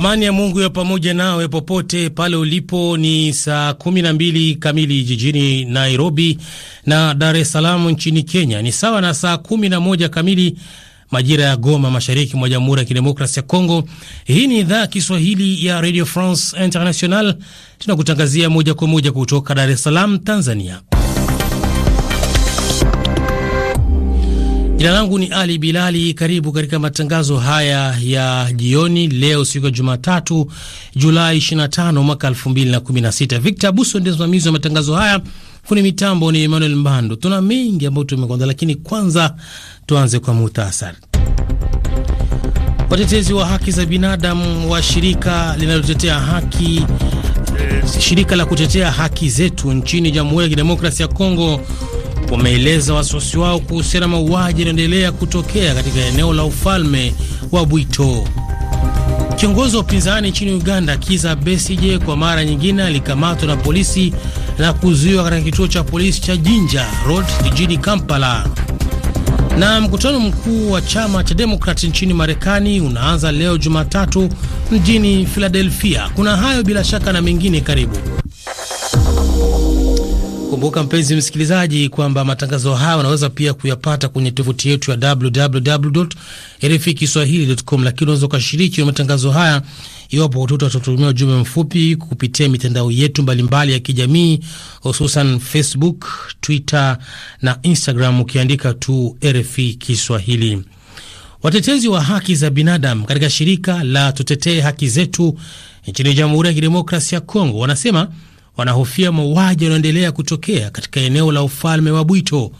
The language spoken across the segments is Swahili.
Amani ya Mungu iwe pamoja nawe popote pale ulipo. Ni saa kumi na mbili kamili jijini Nairobi na Dar es Salaam nchini Kenya ni sawa na saa kumi na moja kamili majira ya Goma, mashariki mwa Jamhuri ya Kidemokrasi ya Kongo. Hii ni idhaa ya Kiswahili ya Radio France International, tunakutangazia moja kwa moja kutoka Dar es Salaam, Tanzania. Jina langu ni Ali Bilali. Karibu katika matangazo haya ya jioni leo, siku ya Jumatatu, Julai 25 mwaka 2016. Victor Abuso ndiye msimamizi wa matangazo haya, fundi mitambo ni Emmanuel Mbando. Tuna mengi ambayo tumekuandaa, lakini kwanza tuanze kwa muhtasari. Watetezi wa haki za binadamu wa shirika linalotetea haki shirika la kutetea haki zetu nchini Jamhuri ya Kidemokrasia ya Kongo wameeleza wasiwasi wao kuhusiana na mauaji yanaendelea kutokea katika eneo la ufalme wa Bwito. Kiongozi wa upinzani nchini Uganda Kiza Besije kwa mara nyingine alikamatwa na polisi na kuzuiwa katika kituo cha polisi cha Jinja Road jijini Kampala. Na mkutano mkuu wa chama cha Demokrati nchini Marekani unaanza leo Jumatatu mjini Philadelphia. Kuna hayo bila shaka na mengine, karibu Kumbuka mpenzi msikilizaji, kwamba matangazo haya unaweza pia kuyapata kwenye tovuti yetu ya www.rfikiswahili.com, lakini unaweza ukashiriki matangazo haya iwapo watoto watatumia ujumbe mfupi kupitia mitandao yetu mbalimbali ya kijamii, hususan Facebook, Twitter na Instagram, ukiandika tu RF Kiswahili. Watetezi wa haki za binadamu katika shirika la Tutetee Haki Zetu nchini Jamhuri ya Kidemokrasia ya Kongo wanasema wanahofia mauaji yanayoendelea kutokea katika eneo la ufalme wa Bwito.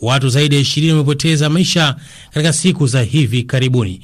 Watu zaidi ya ishirini wamepoteza maisha katika siku za hivi karibuni.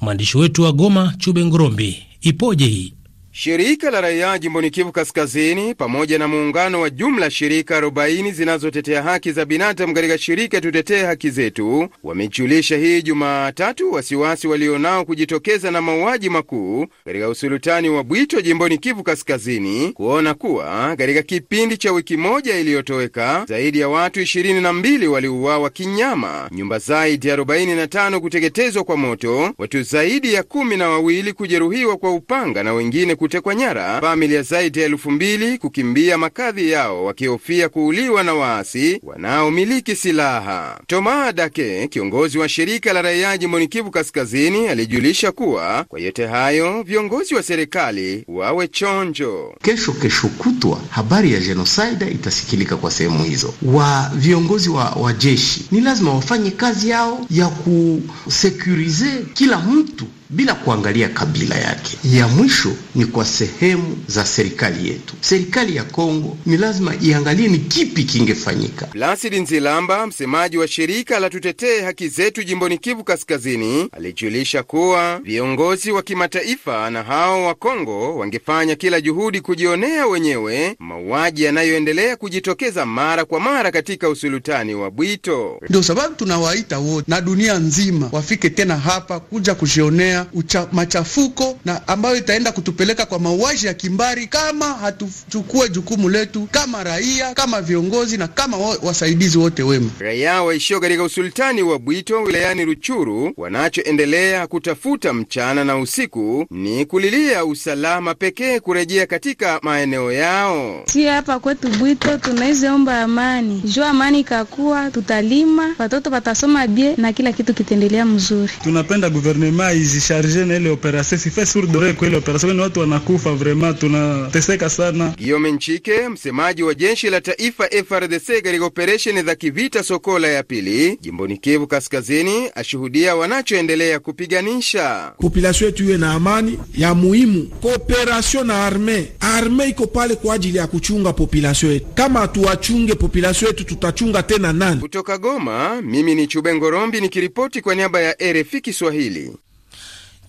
Mwandishi wetu wa Goma, Chube Ngorombi, ipoje hii Shirika la raia jimboni Kivu Kaskazini pamoja na muungano wa jumla shirika 40 zinazotetea haki za binadamu katika shirika Tutetee Haki Zetu wamejulisha hii Jumatatu wasiwasi walionao kujitokeza na mauaji makuu katika usulutani wa Bwito jimboni Kivu Kaskazini, kuona kuwa katika kipindi cha wiki moja iliyotoweka zaidi ya watu 22 waliuawa kinyama, nyumba zaidi ya 45 kuteketezwa kwa moto, watu zaidi ya kumi na wawili kujeruhiwa kwa upanga na wengine kutekwa nyara familia zaidi ya elfu mbili kukimbia makadhi yao wakihofia kuuliwa na waasi wanaomiliki silaha. toma Dake, kiongozi wa shirika la raia jimboni Kivu Kaskazini, alijulisha kuwa kwa yote hayo viongozi wa serikali wawe chonjo. Kesho kesho kutwa habari ya jenosaida itasikilika kwa sehemu hizo. Wa viongozi wa, wa jeshi ni lazima wafanye kazi yao ya kusekurize kila mtu bila kuangalia kabila yake. Ya mwisho ni kwa sehemu za serikali yetu. Serikali ya Kongo ni lazima iangalie ni kipi kingefanyika. Blasidi Nzilamba, msemaji wa shirika la Tutetee Haki Zetu jimboni Kivu Kaskazini, alijulisha kuwa viongozi wa kimataifa na hao wa Kongo wangefanya kila juhudi kujionea wenyewe mauaji yanayoendelea kujitokeza mara kwa mara katika usulutani wa Bwito. Ndio sababu tunawaita wote na dunia nzima wafike tena hapa kuja kujionea kufanya ucha, machafuko na ambayo itaenda kutupeleka kwa mauaji ya kimbari kama hatuchukue jukumu letu kama raia, kama viongozi na kama wasaidizi wote wema. Raia waishio katika usultani wa Bwito wilayani Ruchuru wanachoendelea kutafuta mchana na usiku ni kulilia usalama pekee kurejea katika maeneo yao. Si hapa kwetu Bwito tunaizeomba amani, jua amani ikakuwa, tutalima, watoto watasoma bie na kila kitu kitaendelea mzuri. Tunapenda guvernema hizi charge na ile operation sifa surdore kwa ile operation, ni watu wanakufa vraiment, tunateseka sana. Giome Nchike, msemaji wa jeshi la taifa FRDC katika operation za kivita Sokola ya pili jimboni Kivu Kaskazini, ashuhudia wanachoendelea kupiganisha. Population yetu iwe na amani ya muhimu, kooperasio na arme. Arme iko pale kwa ajili ya kuchunga population yetu, kama hatuwachunge population yetu tutachunga tena nani? Kutoka Goma, mimi ni Chube Ngorombi nikiripoti kwa niaba ya RFI Kiswahili.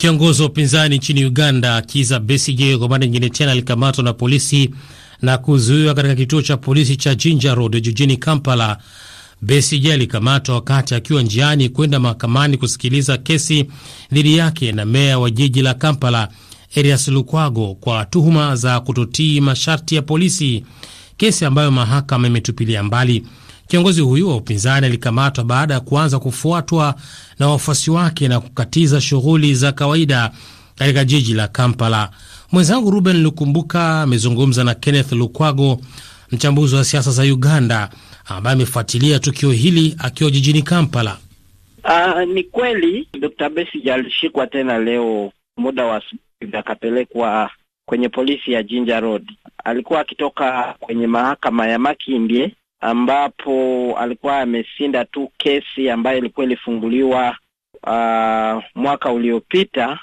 Kiongozi wa upinzani nchini Uganda Kiza Besigye kwa mara nyingine tena alikamatwa na polisi na kuzuiwa katika kituo cha polisi cha Jinja Road jijini Kampala. Besigye alikamatwa wakati akiwa njiani kwenda mahakamani kusikiliza kesi dhidi yake na meya wa jiji la Kampala Erias Lukwago kwa tuhuma za kutotii masharti ya polisi, kesi ambayo mahakama imetupilia mbali. Kiongozi huyu wa upinzani alikamatwa baada ya kuanza kufuatwa na wafuasi wake na kukatiza shughuli za kawaida katika jiji la Kampala. Mwenzangu Ruben Lukumbuka amezungumza na Kenneth Lukwago, mchambuzi wa siasa za Uganda, ambaye amefuatilia tukio hili akiwa jijini Kampala. Uh, ni kweli Dr. Besigye alishikwa tena leo muda wa asubuhi, akapelekwa kwenye polisi ya Jinja Road. Alikuwa akitoka kwenye mahakama ya Makindye ambapo alikuwa ameshinda tu kesi ambayo ilikuwa ilifunguliwa uh, mwaka uliopita.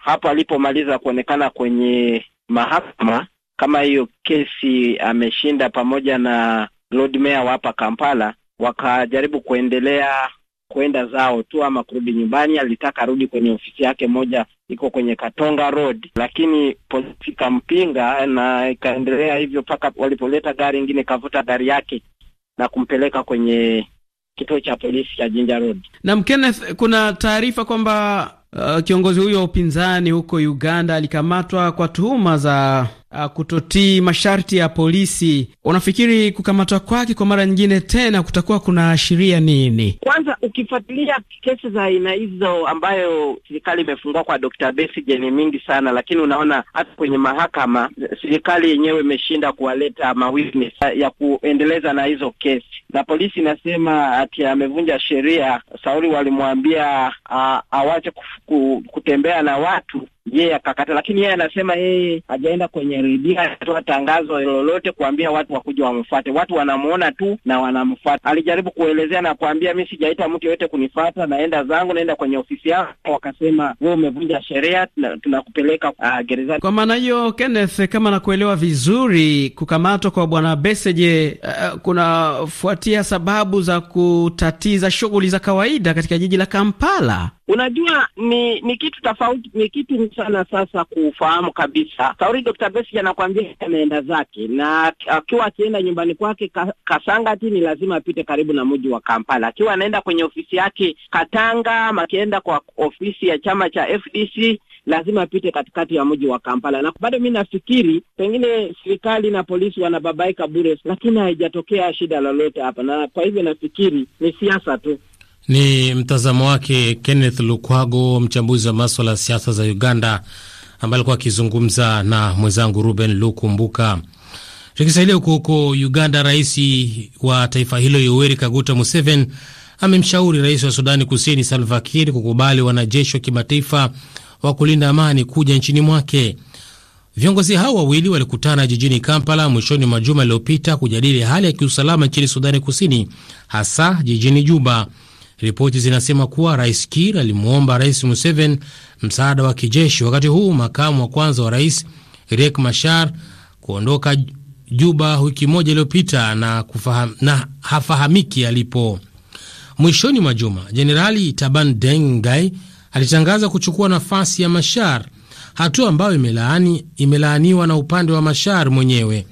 Hapo alipomaliza kuonekana kwenye mahakama kama hiyo kesi ameshinda, pamoja na Lord Mayor wa hapa Kampala, wakajaribu kuendelea kwenda zao tu ama kurudi nyumbani. Alitaka arudi kwenye ofisi yake moja iko kwenye Katonga Road, lakini polisi kampinga na ikaendelea hivyo mpaka walipoleta gari ingine ikavuta gari yake na kumpeleka kwenye kituo cha polisi cha Jinja Road. Na Kenneth, kuna taarifa kwamba uh, kiongozi huyo wa upinzani huko Uganda alikamatwa kwa tuhuma za uh, kutotii masharti ya polisi. Unafikiri kukamatwa kwake kwa mara nyingine tena kutakuwa kuna ashiria nini? Kwanza ukifuatilia kesi za aina hizo ambayo serikali imefungua kwa Dr. Besigye ni mingi sana, lakini unaona hata kwenye mahakama serikali yenyewe imeshinda kuwaleta mawitness ya kuendeleza na hizo kesi, na polisi inasema ati amevunja sheria. Sauli walimwambia ah, awache kutembea na watu yeye yeah, Lakini yeye anasema yeye hajaenda kwenye redio atoa tangazo lolote kuambia watu wakuja wamfuate. Watu wanamwona tu na wanamfuata. Alijaribu kuelezea na kuambia, mi sijaita mtu yoyote kunifata, naenda zangu, naenda kwenye ofisi yao. Wakasema wewe umevunja sheria, tunakupeleka uh, gerezani. Kwa maana hiyo, Kenneth, kama nakuelewa vizuri, kukamatwa kwa bwana beseje uh, eh, eh, kunafuatia sababu za kutatiza shughuli za kawaida katika jiji la Kampala. Unajua ni ni kitu tofauti, ni kitu sana sasa kufahamu kabisa. Kauri Dr. Besigye anakuambia ameenda zake, na akiwa akienda nyumbani kwake ka, Kasangati ni lazima apite karibu na mji wa Kampala. Akiwa anaenda kwenye ofisi yake Katanga, akienda kwa ofisi ya chama cha FDC lazima apite katikati ya mji wa Kampala, na bado mi nafikiri pengine serikali na polisi wanababaika bure, lakini haijatokea shida lolote hapa, na kwa hivyo nafikiri ni siasa tu. Ni mtazamo wake Kenneth Lukwago, mchambuzi wa maswala ya siasa za Uganda, ambaye alikuwa akizungumza na mwenzangu Ruben Lukumbuka. Tukisalia huko huko Uganda, rais wa taifa hilo Yoweri Kaguta Museveni amemshauri rais wa Sudani Kusini Salva Kiir kukubali wanajeshi wa kimataifa wa kulinda amani kuja nchini mwake. Viongozi hao wawili walikutana jijini Kampala mwishoni mwa juma iliyopita kujadili hali ya kiusalama nchini Sudani Kusini, hasa jijini Juba. Ripoti zinasema kuwa Rais kir alimwomba Rais Museveni msaada wa kijeshi, wakati huu makamu wa kwanza wa rais Riek Machar kuondoka Juba wiki moja iliyopita na, na hafahamiki alipo. Mwishoni mwa juma Jenerali Taban Deng Gai alitangaza kuchukua nafasi ya Mashar, hatua ambayo imelaani, imelaaniwa na upande wa Mashar mwenyewe.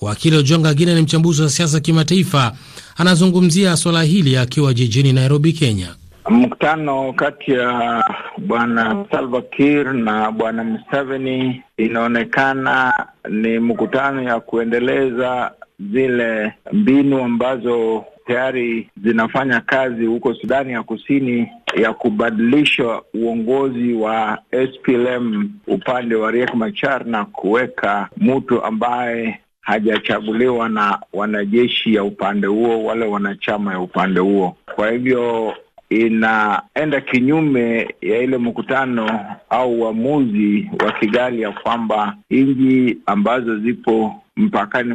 Wakili Ojonga Gina ni mchambuzi wa siasa kimataifa anazungumzia swala hili akiwa jijini Nairobi, Kenya. Mkutano kati ya bwana Salva Kiir na bwana Museveni inaonekana ni mkutano ya kuendeleza zile mbinu ambazo tayari zinafanya kazi huko Sudani ya Kusini ya kubadilisha uongozi wa SPLM upande wa Riek Machar na kuweka mtu ambaye hajachaguliwa na wanajeshi ya upande huo wala wanachama ya upande huo. Kwa hivyo inaenda kinyume ya ile mkutano au uamuzi wa Kigali ya kwamba nchi ambazo zipo mpakani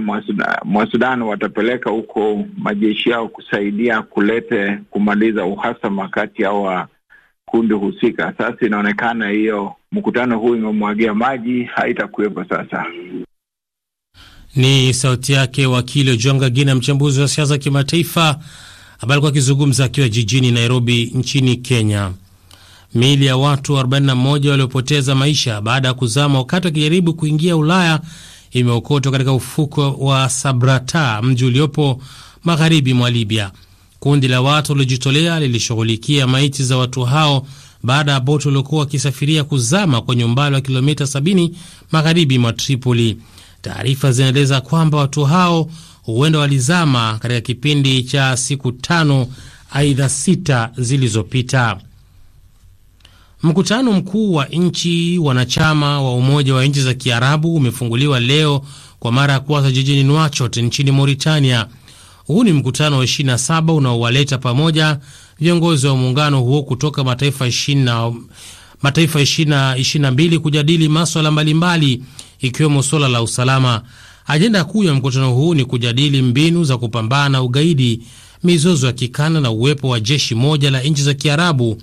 mwa Sudan watapeleka huko majeshi yao kusaidia kulete kumaliza uhasama kati ya wa kundi husika. Sasa inaonekana hiyo mkutano huu imemwagia maji, haitakuwepo sasa. Ni sauti yake wakili Ojonga Gina, mchambuzi wa siasa kimataifa, ambaye alikuwa akizungumza akiwa jijini Nairobi nchini Kenya. Miili ya watu 41 waliopoteza maisha baada ya kuzama wakati wakijaribu kuingia Ulaya imeokotwa katika ufuko wa Sabrata, mji uliopo magharibi mwa Libya. Kundi la watu waliojitolea lilishughulikia maiti za watu hao baada ya boti waliokuwa wakisafiria kuzama kwenye umbali wa kilomita 70 magharibi mwa Tripoli. Taarifa zinaeleza kwamba watu hao huenda walizama katika kipindi cha siku tano aidha sita zilizopita. Mkutano mkuu wa nchi wanachama wa Umoja wa Nchi za Kiarabu umefunguliwa leo kwa mara ya kwanza jijini Nouakchott nchini Mauritania. Huu ni mkutano wa 27 unaowaleta pamoja viongozi wa muungano huo kutoka mataifa 20, mataifa 20, 22 kujadili maswala mbalimbali ikiwemo suala la usalama. Ajenda kuu ya mkutano huu ni kujadili mbinu za kupambana na ugaidi, mizozo ya kikanda na uwepo wa jeshi moja la nchi za Kiarabu.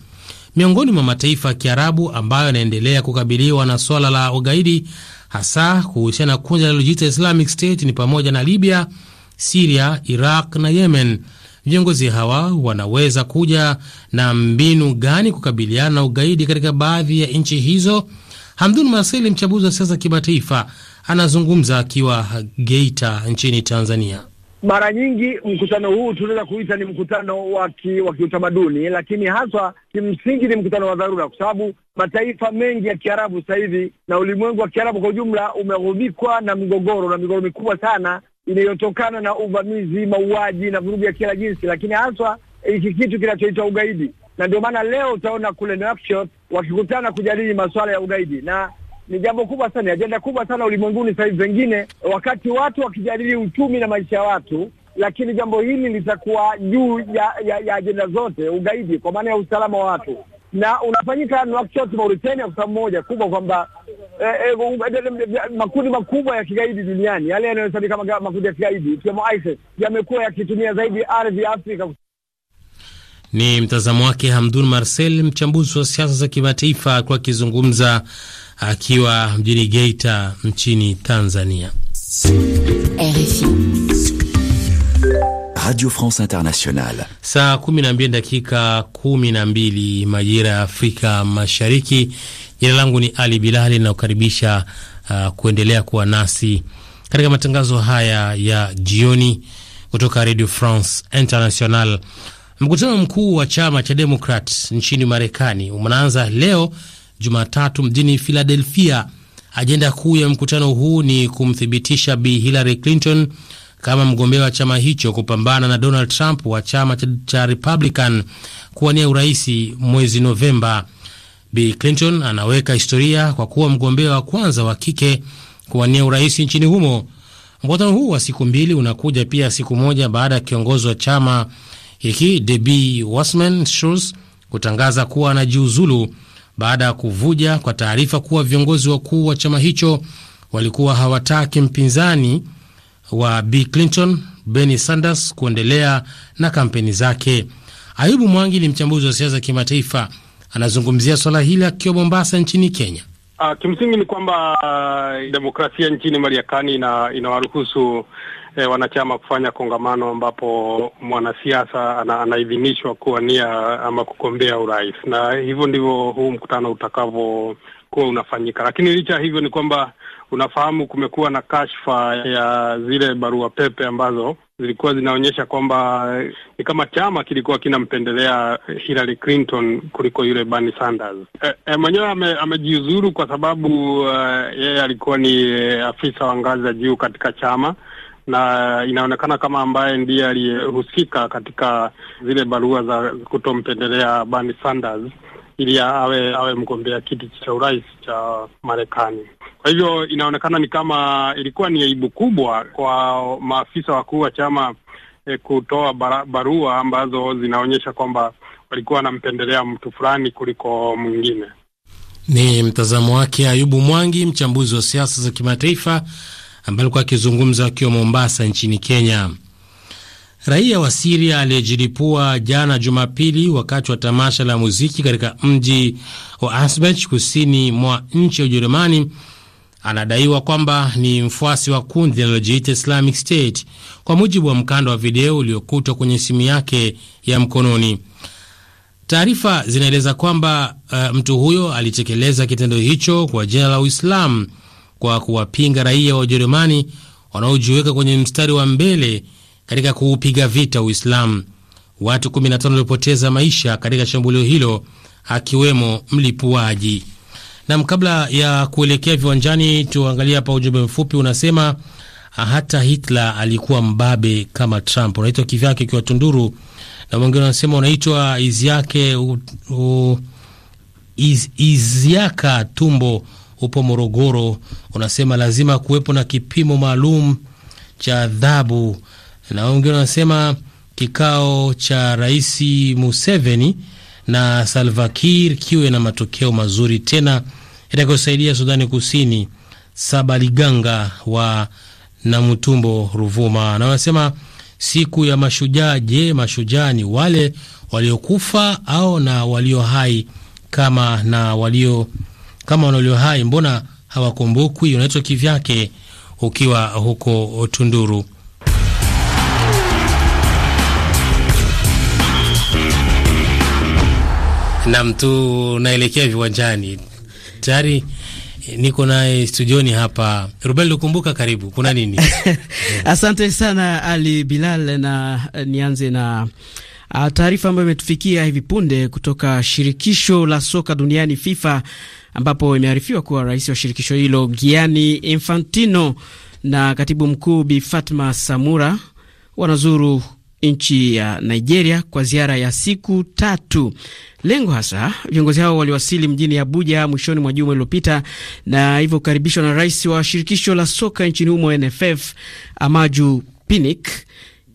Miongoni mwa mataifa ya Kiarabu ambayo yanaendelea kukabiliwa na swala la ugaidi, hasa kuhusiana na kundi linalojiita Islamic State, ni pamoja na Libya, Siria, Iraq na Yemen. Viongozi hawa wanaweza kuja na mbinu gani kukabiliana na ugaidi katika baadhi ya nchi hizo? Hamdun marseli mchambuzi wa siasa kimataifa, anazungumza akiwa Geita nchini Tanzania. Mara nyingi mkutano huu tunaweza kuita ni mkutano wa kiutamaduni, lakini haswa kimsingi ni mkutano wa dharura, kwa sababu mataifa mengi ya Kiarabu sasa hivi na ulimwengu wa Kiarabu kwa ujumla umeghubikwa na mgogoro na migogoro mikubwa sana inayotokana na uvamizi, mauaji na vurugu ya kila jinsi, lakini haswa hiki kitu kinachoitwa ugaidi, na ndio maana leo utaona kule Nouakchott wakikutana kujadili masuala ya ugaidi, na ni jambo kubwa sana, ajenda kubwa sana ulimwenguni sasa hivi. Pengine wakati watu wakijadili uchumi na maisha ya watu, lakini jambo hili litakuwa juu ya, ya, ya ajenda zote, ugaidi kwa maana ya usalama wa watu na unafanyika Nouakchott Mauritania, kwa sababu moja kubwa kwamba eh, eh, eh, eh, eh makundi makubwa ya kigaidi duniani yale yanayosabika kama makundi ya kigaidi ikiwemo ISIS yamekuwa yakitumia zaidi ardhi ya Afrika ni mtazamo wake Hamdun Marcel, mchambuzi wa siasa za kimataifa, akiwa akizungumza akiwa mjini Geita nchini Tanzania. RFI Radio France Internationale, saa mbili dakika mbili majira ya Afrika Mashariki. Jina langu ni Ali Bilali inayokaribisha uh, kuendelea kuwa nasi katika matangazo haya ya jioni kutoka Radio France International. Mkutano mkuu wa chama cha Demokrat nchini Marekani unaanza leo Jumatatu mjini Philadelphia. Ajenda kuu ya mkutano huu ni kumthibitisha Bi Hillary Clinton kama mgombea wa chama hicho kupambana na Donald Trump wa chama cha Republican kuwania uraisi mwezi Novemba. Bi Clinton anaweka historia kwa kuwa mgombea wa kwanza wa kike kuwania uraisi nchini humo. Mkutano huu wa siku mbili unakuja pia siku moja baada ya kiongozi wa chama hiki Debi Wasman Schulz kutangaza kuwa anajiuzulu baada ya kuvuja kwa taarifa kuwa viongozi wakuu wa chama hicho walikuwa hawataki mpinzani wa Bi Clinton Bernie Sanders kuendelea na kampeni zake. Ayubu Mwangi ni mchambuzi wa siasa kimataifa, anazungumzia swala hili akiwa Mombasa nchini Kenya. Uh, kimsingi ni kwamba uh, demokrasia nchini Marekani ina inawaruhusu eh, wanachama kufanya kongamano ambapo mwanasiasa ana, anaidhinishwa kuwania ama kugombea urais, na hivyo ndivyo huu mkutano utakavyokuwa unafanyika. Lakini licha hivyo ni kwamba Unafahamu kumekuwa na kashfa ya zile barua pepe ambazo zilikuwa zinaonyesha kwamba eh, ni kama chama kilikuwa kinampendelea eh, Hillary Clinton kuliko yule Bernie Sanders. E, e, mwenyewe ame, amejiuzuru kwa sababu uh, yeye alikuwa ni afisa wa ngazi ya juu katika chama na inaonekana kama ambaye ndiye aliyehusika katika zile barua za kutompendelea Bernie Sanders ili awe awe mgombea kiti cha urais cha Marekani. Kwa hivyo inaonekana ni kama ilikuwa ni aibu kubwa kwa maafisa wakuu wa chama eh, kutoa barua ambazo zinaonyesha kwamba walikuwa wanampendelea mtu fulani kuliko mwingine. Ni mtazamo wake Ayubu Mwangi, mchambuzi wa siasa za kimataifa ambaye alikuwa akizungumza akiwa Mombasa nchini Kenya. Raia wa Siria aliyejilipua jana Jumapili wakati wa tamasha la muziki katika mji wa Ansbach kusini mwa nchi ya Ujerumani anadaiwa kwamba ni mfuasi wa kundi linalojiita Islamic State kwa mujibu wa mkanda wa video uliokutwa kwenye simu yake ya mkononi. Taarifa zinaeleza kwamba uh, mtu huyo alitekeleza kitendo hicho kwa jina la Uislamu kwa kuwapinga raia wa Ujerumani wanaojiweka kwenye mstari wa mbele katika kuupiga vita Uislamu. Watu 15 walipoteza maisha katika shambulio hilo akiwemo mlipuaji. Nam, kabla ya kuelekea viwanjani, tuangalia hapa ujumbe mfupi unasema hata Hitler alikuwa mbabe kama Trump. Unaitwa kivyake ukiwa Tunduru, na mwingine unasema unaitwa Iziake u, u, iz, Iziaka Tumbo, upo Morogoro, unasema lazima kuwepo na kipimo maalum cha adhabu na wengine wanasema kikao cha Rais Museveni na Salva Kiir kiwe na matokeo mazuri tena yatakayosaidia Sudani Kusini. Sabaliganga wa Namutumbo, Ruvuma, na wanasema siku ya mashujaa. Je, mashujaa ni wale waliokufa au na walio hai? Kama na walio kama walio hai, mbona hawakumbukwi? Unaitwa kivyake ukiwa huko Tunduru. Nam, naelekea viwanjani tayari. Eh, niko naye studioni hapa Ruben Lukumbuka, karibu. Kuna nini? Asante sana Ali Bilal, na eh, nianze na ah, taarifa ambayo imetufikia hivi punde kutoka shirikisho la soka duniani FIFA, ambapo imearifiwa kuwa rais wa shirikisho hilo Gianni Infantino na katibu mkuu Bi Fatma Samura wanazuru nchi ya Nigeria kwa ziara ya siku tatu. Lengo hasa, viongozi hao waliwasili mjini Abuja mwishoni mwa juma iliyopita na hivyo kukaribishwa na rais wa shirikisho la soka nchini humo NFF Amaju Pinnick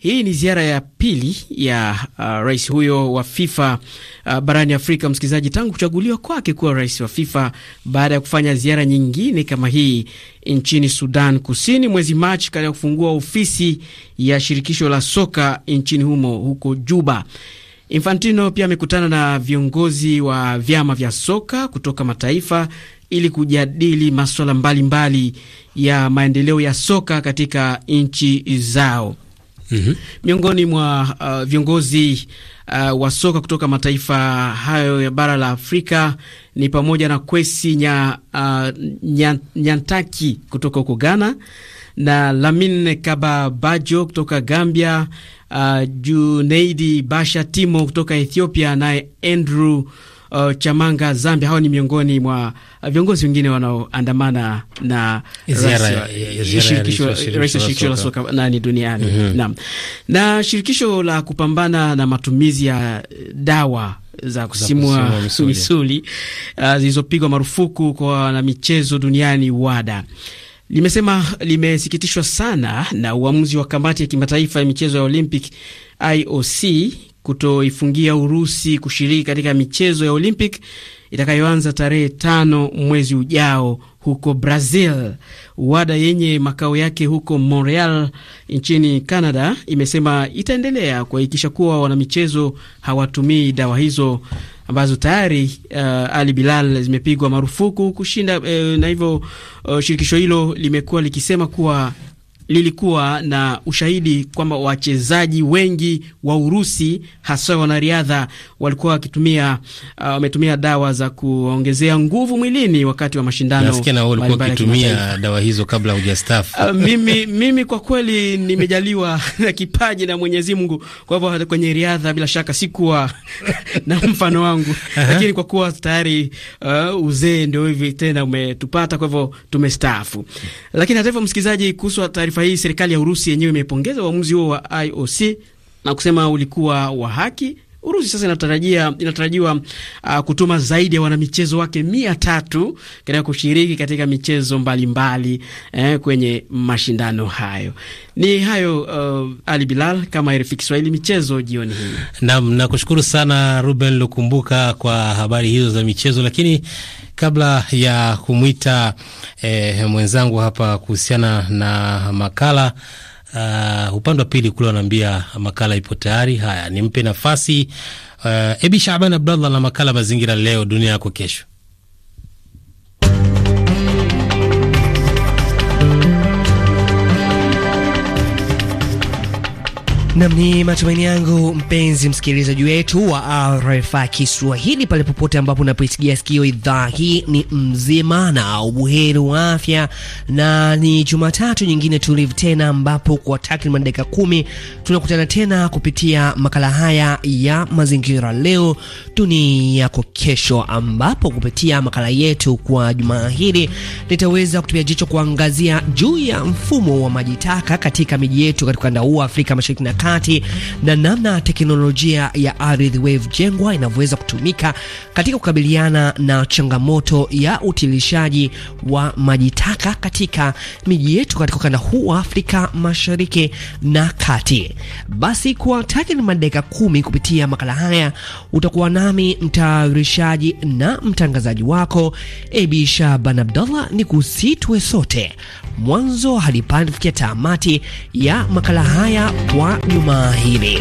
hii ni ziara ya pili ya uh, rais huyo wa FIFA uh, barani Afrika, msikilizaji, tangu kuchaguliwa kwake kuwa rais wa FIFA baada ya kufanya ziara nyingine kama hii nchini Sudan Kusini mwezi Machi ya kufungua ofisi ya shirikisho la soka nchini humo huko Juba. Infantino pia amekutana na viongozi wa vyama vya soka kutoka mataifa ili kujadili masuala mbalimbali ya maendeleo ya soka katika nchi zao mm -hmm. miongoni mwa uh, viongozi uh, wa soka kutoka mataifa hayo ya bara la Afrika ni pamoja na Kwesi nya, uh, nya, Nyantaki kutoka huko Ghana na Lamine Kababajo kutoka Gambia, uh, Juneidi Basha Timo kutoka Ethiopia, naye Andrew uh, Chamanga Zambia. Hawa ni miongoni mwa uh, viongozi wengine wanaoandamana na rais wa shirikisho la soka nani duniani mm -hmm. Naam, na shirikisho la kupambana na matumizi ya eh, dawa za kusimua misuli uh, zilizopigwa marufuku kwa wanamichezo duniani WADA limesema limesikitishwa sana na uamuzi wa kamati ya kimataifa ya michezo ya Olympic IOC kutoifungia Urusi kushiriki katika michezo ya Olympic itakayoanza tarehe tano mwezi ujao huko Brazil. WADA yenye makao yake huko Montreal nchini Canada imesema itaendelea kuhakikisha kuwa wanamichezo hawatumii dawa hizo ambazo tayari uh, Ali Bilal zimepigwa marufuku kushinda eh, na hivyo uh, shirikisho hilo limekuwa likisema kuwa lilikuwa na ushahidi kwamba wachezaji wengi wa Urusi hasa wanariadha walikuwa wakitumia uh, wametumia uh, dawa za kuongezea nguvu mwilini wakati wa mashindano. Nasikia na wewe ulikuwa ukitumia dawa hizo kabla hujastaafu. Uh, mimi, mimi kwa kweli nimejaliwa na kipaji na Mwenyezi Mungu, kwa hivyo kwenye riadha bila shaka sikuwa na mfano wangu lakini kwa kuwa tayari uh, uzee ndio hivi tena umetupata, kwa hivyo tumestaafu. Lakini hata hivyo, msikilizaji, kuhusu taarifa taarifa hii, serikali ya Urusi yenyewe imepongeza uamuzi huo wa IOC na kusema ulikuwa wa haki Urusi sasa inatarajia, inatarajiwa uh, kutuma zaidi ya wanamichezo wake mia tatu katika kushiriki katika michezo mbalimbali mbali, eh, kwenye mashindano hayo. Ni hayo uh, Ali Bilal, kama RFI Kiswahili michezo jioni hii. Naam, nakushukuru sana Ruben Lukumbuka kwa habari hizo za michezo, lakini kabla ya kumwita eh, mwenzangu hapa kuhusiana na makala Uh, upande wa pili kule wanaambia makala ipo tayari. Haya, nimpe nafasi uh, Ebi Shaban Abdallah na makala mazingira leo dunia yako kesho. Nam, ni matumaini yangu mpenzi msikilizaji wetu wa RFI Kiswahili pale popote ambapo unapoisikia sikio idhaa hii, ni mzima na ubuheri wa afya, na ni Jumatatu nyingine tulivu tena, ambapo kwa takriban dakika kumi tunakutana tena kupitia makala haya ya mazingira, leo tuni yako kesho, ambapo kupitia makala yetu kwa jumaa hili litaweza kutupia jicho kuangazia juu ya mfumo wa maji taka katika miji yetu katika ukanda huu wa Afrika Mashariki na Kati mikakati na namna teknolojia ya ardhi Wave Jengwa inavyoweza kutumika katika kukabiliana na changamoto ya utilishaji wa maji taka katika miji yetu katika ukanda huu wa Afrika Mashariki na Kati. Basi kwa takriban madakika kumi kupitia makala haya utakuwa nami mtayarishaji na mtangazaji wako Abi Shaban Abdallah, ni kusitwe sote mwanzo hadi panafikia tamati ya makala haya kwa juma hili.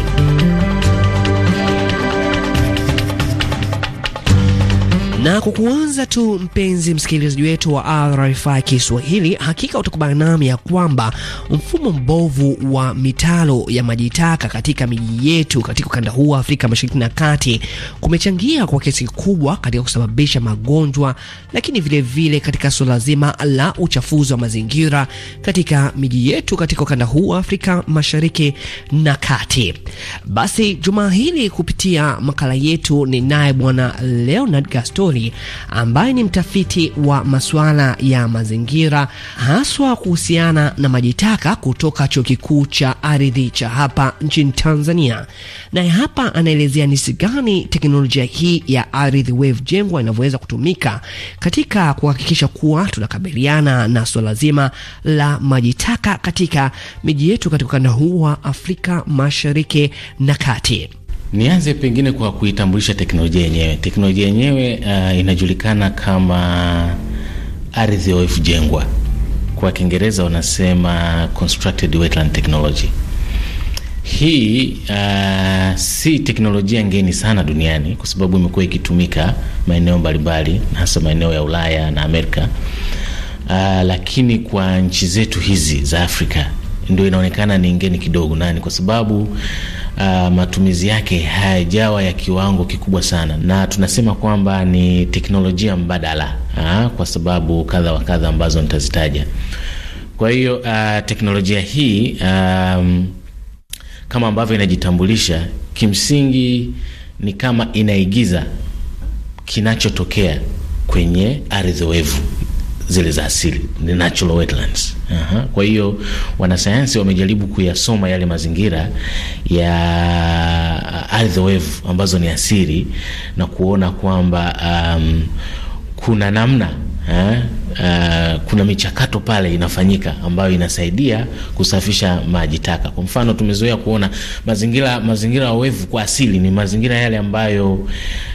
Na kwa kuanza tu, mpenzi msikilizaji wetu wa RFI Kiswahili, hakika utakubana nami ya kwamba mfumo mbovu wa mitalo ya maji taka katika miji yetu katika ukanda huu wa Afrika Mashariki na Kati kumechangia kwa kiasi kikubwa katika kusababisha magonjwa, lakini vile vile katika suala zima la uchafuzi wa mazingira katika miji yetu katika ukanda huu wa Afrika Mashariki na Kati. Basi jumaa hili kupitia makala yetu ni naye Bwana Leonard Gaston Mashauri ambaye ni mtafiti wa masuala ya mazingira haswa kuhusiana na maji taka kutoka Chuo Kikuu cha Ardhi cha hapa nchini Tanzania. Naye hapa anaelezea jinsi gani teknolojia hii ya ardhi wave jengwa inavyoweza kutumika katika kuhakikisha kuwa tunakabiliana na suala zima la maji taka katika miji yetu katika ukanda huu wa Afrika Mashariki na Kati. Nianze pengine kwa kuitambulisha teknolojia yenyewe. Teknolojia yenyewe uh, inajulikana kama ardhi oevu jengwa, kwa Kiingereza wanasema constructed wetland technology. Hii uh, si teknolojia ngeni sana duniani kwa sababu imekuwa ikitumika maeneo mbalimbali, hasa maeneo ya Ulaya na Amerika. Uh, lakini kwa nchi zetu hizi za Afrika ndio inaonekana ni ngeni kidogo. Nani? Kwa sababu uh, matumizi yake hayajawa ya kiwango kikubwa sana, na tunasema kwamba ni teknolojia mbadala uh, kwa sababu kadha wa kadha ambazo nitazitaja. Kwa hiyo uh, teknolojia hii um, kama ambavyo inajitambulisha kimsingi ni kama inaigiza kinachotokea kwenye ardhi wevu zile za asili, the natural wetlands. Aha. Kwa hiyo wanasayansi wamejaribu kuyasoma yale mazingira ya ardhi oevu ambazo ni asili na kuona kwamba um, kuna namna eh, uh, kuna michakato pale inafanyika ambayo inasaidia kusafisha maji taka. Kwa mfano, tumezoea kuona mazingira mazingira wevu kwa asili ni mazingira yale ambayo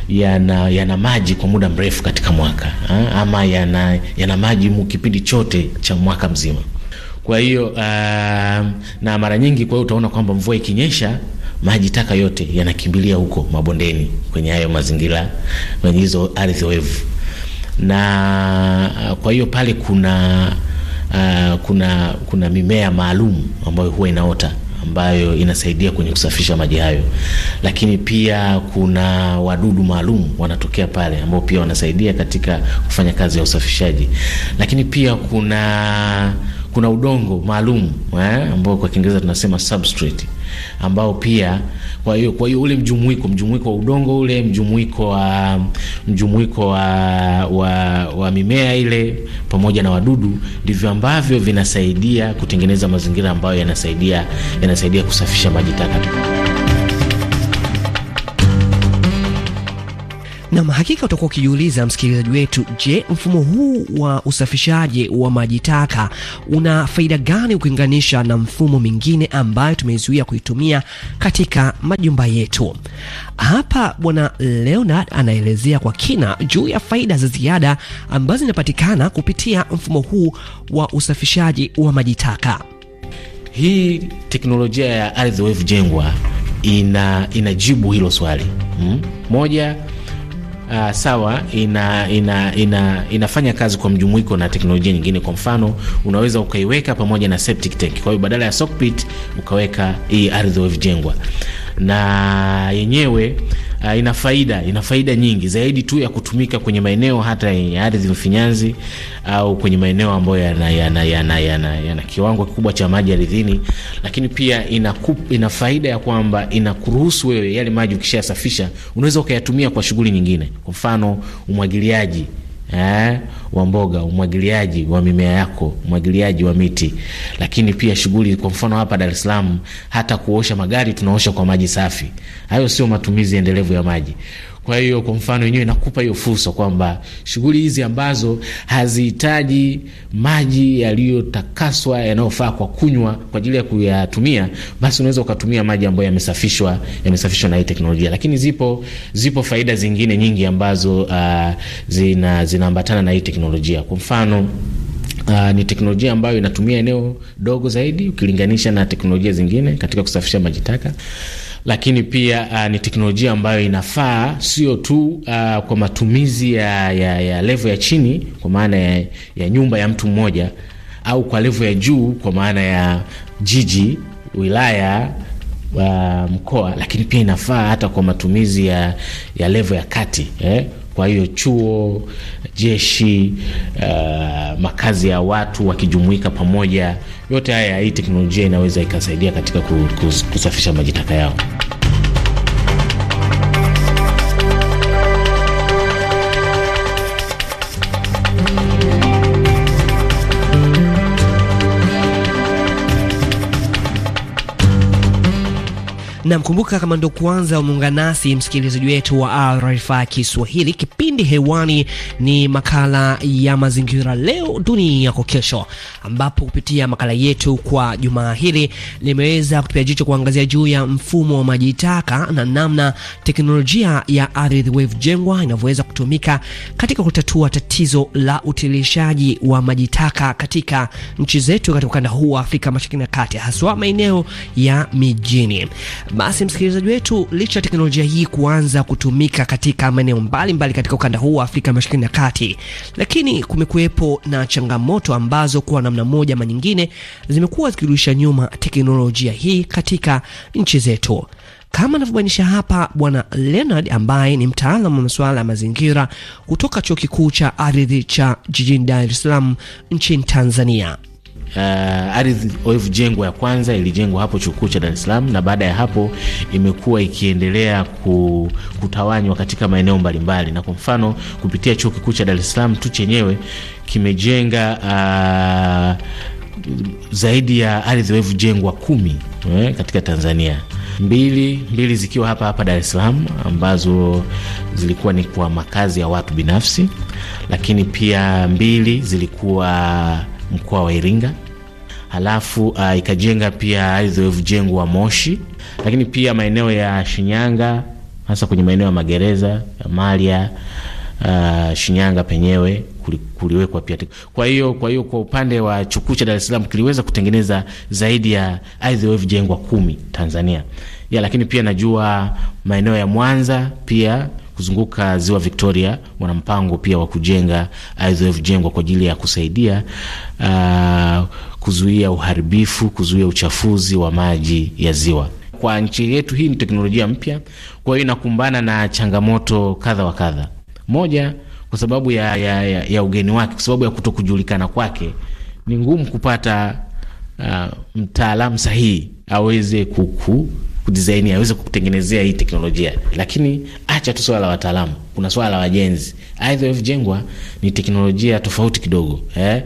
yana yana maji kwa muda mrefu katika mwaka uh, ama yana yana maji kipindi chote cha mwaka mzima. Kwa hiyo uh, na mara nyingi, kwa hiyo utaona kwamba mvua ikinyesha maji taka yote yanakimbilia huko mabondeni, kwenye hayo mazingira, kwenye hizo ardhi wevu na uh, kwa hiyo pale kuna uh, kuna kuna mimea maalum ambayo huwa inaota ambayo inasaidia kwenye kusafisha maji hayo, lakini pia kuna wadudu maalum wanatokea pale ambao pia wanasaidia katika kufanya kazi ya usafishaji, lakini pia kuna kuna udongo maalum eh, ambao kwa Kiingereza tunasema substrate ambao pia, kwa hiyo kwa hiyo ule mjumuiko mjumuiko wa udongo ule mjumuiko wa mjumuiko wa, wa, wa mimea ile pamoja na wadudu ndivyo ambavyo vinasaidia kutengeneza mazingira ambayo yanasaidia yanasaidia kusafisha maji taka. na hakika utakuwa ukijiuliza msikilizaji wetu, je, mfumo huu wa usafishaji wa maji taka una faida gani ukilinganisha na mfumo mingine ambayo tumezuia kuitumia katika majumba yetu? Hapa Bwana Leonard anaelezea kwa kina juu ya faida za ziada ambazo zinapatikana kupitia mfumo huu wa usafishaji wa maji taka. Hii teknolojia ya ardhi wevu jengwa ina inajibu hilo swali hmm? Moja, uh, sawa ina, ina, ina, inafanya kazi kwa mjumuiko na teknolojia nyingine. Kwa mfano, unaweza ukaiweka pamoja na septic tank, kwa hiyo badala ya sock pit ukaweka hii ardhi iliyojengwa na yenyewe uh, ina faida ina faida nyingi zaidi tu ya kutumika kwenye maeneo hata yenye ardhi mfinyanzi au kwenye maeneo ambayo yana, yana, yana, yana, yana kiwango kikubwa cha maji ardhini, lakini pia ina, ina faida ya kwamba inakuruhusu wewe yale maji ukishayasafisha unaweza ukayatumia kwa shughuli nyingine, kwa mfano umwagiliaji eh, wa mboga, umwagiliaji wa mimea yako, umwagiliaji wa miti, lakini pia shughuli, kwa mfano hapa Dar es Salaam, hata kuosha magari tunaosha kwa maji safi. Hayo sio matumizi endelevu ya maji. Kwa hiyo kwa mfano yenyewe inakupa hiyo fursa kwamba shughuli hizi ambazo hazihitaji maji yaliyotakaswa yanayofaa kwa kunywa kwa ajili ya kuyatumia, basi unaweza ukatumia maji ambayo yamesafishwa yamesafishwa na hii teknolojia. Lakini zipo zipo faida zingine nyingi ambazo uh, zina zinaambatana na hii teknolojia. Kwa mfano Uh, ni teknolojia ambayo inatumia eneo dogo zaidi ukilinganisha na teknolojia zingine katika kusafisha maji taka lakini pia uh, ni teknolojia ambayo inafaa sio tu uh, kwa matumizi ya, ya, ya levo ya chini kwa maana ya, ya nyumba ya mtu mmoja au kwa levo ya juu kwa maana ya jiji, wilaya wa mkoa, lakini pia inafaa hata kwa matumizi ya, ya levo ya kati eh? Kwa hiyo chuo, jeshi, uh, makazi ya watu wakijumuika pamoja, yote haya, hii teknolojia inaweza ikasaidia katika kusafisha maji taka yao. na mkumbuka, kama ndo kwanza umeungana nasi, msikilizaji wetu wa RFI Kiswahili, kipindi hewani ni makala ya mazingira, leo dunia yako kesho, ambapo kupitia makala yetu kwa jumaa hili limeweza kutupia jicho kuangazia juu ya mfumo wa maji taka na namna teknolojia ya ardhi wave jengwa inavyoweza kutumika katika kutatua tatizo la utilishaji wa maji taka katika nchi zetu katika ukanda huu wa Afrika Mashariki na Kati, haswa maeneo ya mijini. Basi msikilizaji wetu, licha ya teknolojia hii kuanza kutumika katika maeneo mbalimbali katika ukanda huu wa Afrika Mashariki na Kati, lakini kumekuwepo na changamoto ambazo kwa namna moja ama nyingine zimekuwa zikirudisha nyuma teknolojia hii katika nchi zetu kama anavyobainisha hapa Bwana Leonard ambaye ni mtaalamu wa masuala ya mazingira kutoka Chuo Kikuu cha Ardhi cha jijini Dar es Salaam nchini Tanzania uh, ardhi oevu jengwa ya kwanza ilijengwa hapo chuo kikuu cha Dar es Salaam, na baada ya hapo imekuwa ikiendelea ku, kutawanywa katika maeneo mbalimbali, na kwa mfano kupitia chuo kikuu cha Dar es Salaam tu chenyewe kimejenga uh, zaidi ya ardhi oevu jengwa kumi eh, katika Tanzania mbili mbili zikiwa hapa hapa Dar es Salaam ambazo zilikuwa ni kwa makazi ya watu binafsi, lakini pia mbili zilikuwa mkoa wa Iringa halafu uh, ikajenga pia IDF jengo wa Moshi, lakini pia maeneo ya Shinyanga, hasa kwenye maeneo ya magereza ya Malia uh, Shinyanga penyewe kuliwekwa pia. Kwa hiyo kwa hiyo kwa upande wa chukuu cha Dar es Salaam kiliweza kutengeneza zaidi ya IDF jengwa kumi Tanzania ya, lakini pia najua maeneo ya Mwanza pia kuzunguka ziwa Victoria wana mpango pia wa kujenga IDF jengwa kwa ajili ya kusaidia uh, kuzuia uharibifu, kuzuia uchafuzi wa maji ya ziwa. Kwa nchi yetu hii ni teknolojia mpya, kwa hiyo inakumbana na changamoto kadha wa kadha. Moja, kwa sababu ya, ya, ya, ya ugeni wake, kwa sababu ya kutokujulikana kwake, ni ngumu kupata uh, mtaalamu sahihi aweze kuku kudizaini aweze kutengenezea hii teknolojia. Lakini acha tu swala la wataalamu, kuna swala la wajenzi. IVF Jengwa ni teknolojia tofauti kidogo eh?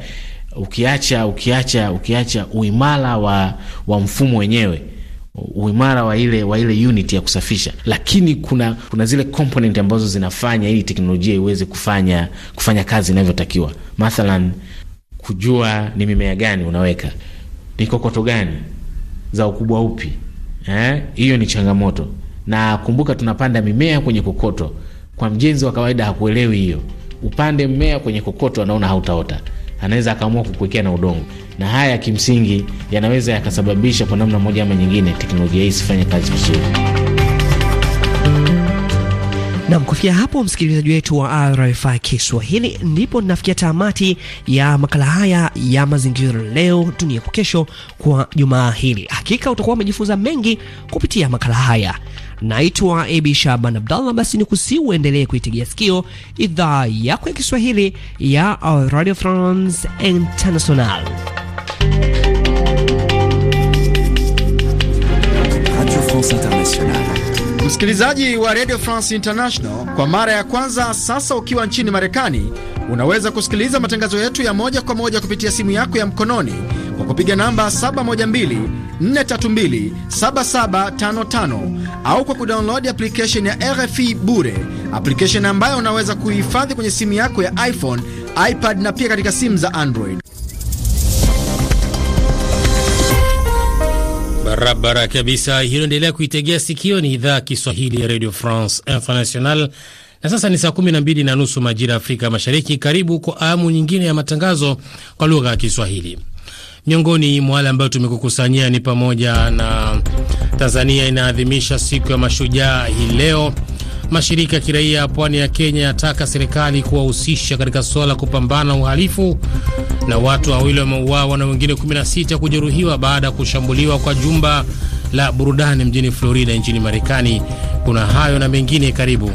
ukiacha ukiacha ukiacha uimara wa, wa mfumo wenyewe uimara wa ile, wa ile unit ya kusafisha, lakini kuna, kuna zile component ambazo zinafanya ili teknolojia iweze kufanya, kufanya kazi inavyotakiwa. Mathalan, kujua ni mimea gani unaweka, ni kokoto gani za ukubwa upi. Eh, Hiyo ni changamoto, na kumbuka tunapanda mimea kwenye kokoto. Kwa mjenzi wa kawaida hakuelewi hiyo, upande mmea kwenye kokoto, anaona hautaota anaweza akaamua kukuwekea na udongo, na haya kimsingi yanaweza yakasababisha kwa namna moja ama nyingine teknolojia hii isifanye kazi vizuri. Nam, kufikia hapo, msikilizaji wetu wa RFI Kiswahili, ndipo ninafikia tamati ya makala haya ya mazingira leo dunia kwa kesho kwa jumaa hili. Hakika utakuwa umejifunza mengi kupitia makala haya. Naitwa Abi Shaban Abdallah. Basi ni kusi uendelee kuitegea sikio idhaa yako ya Kiswahili ya Radio France International. Radio France International. Msikilizaji wa Radio France International, kwa mara ya kwanza sasa ukiwa nchini Marekani, unaweza kusikiliza matangazo yetu ya moja kwa moja kupitia simu yako ya mkononi kwa kupiga namba 712-432-7755 au kwa kudownload application ya RFI bure, application ambayo unaweza kuihifadhi kwenye simu yako ya iPhone, iPad na pia katika simu za Android. Barabara kabisa, hilo endelea kuitegea sikio. Ni idhaa Kiswahili ya Radio France International, na sasa ni saa kumi na mbili na nusu majira ya Afrika Mashariki. Karibu kwa awamu nyingine ya matangazo kwa lugha ya Kiswahili. Miongoni mwa wale ambayo tumekukusanyia ni pamoja na Tanzania inaadhimisha siku ya mashujaa hii leo. Mashirika ya kiraia pwani ya Kenya yataka serikali kuwahusisha katika suala la kupambana uhalifu na watu wawili wameuawa na wengine 16 kujeruhiwa baada ya kushambuliwa kwa jumba la burudani mjini Florida nchini Marekani. Kuna hayo na mengine, karibu.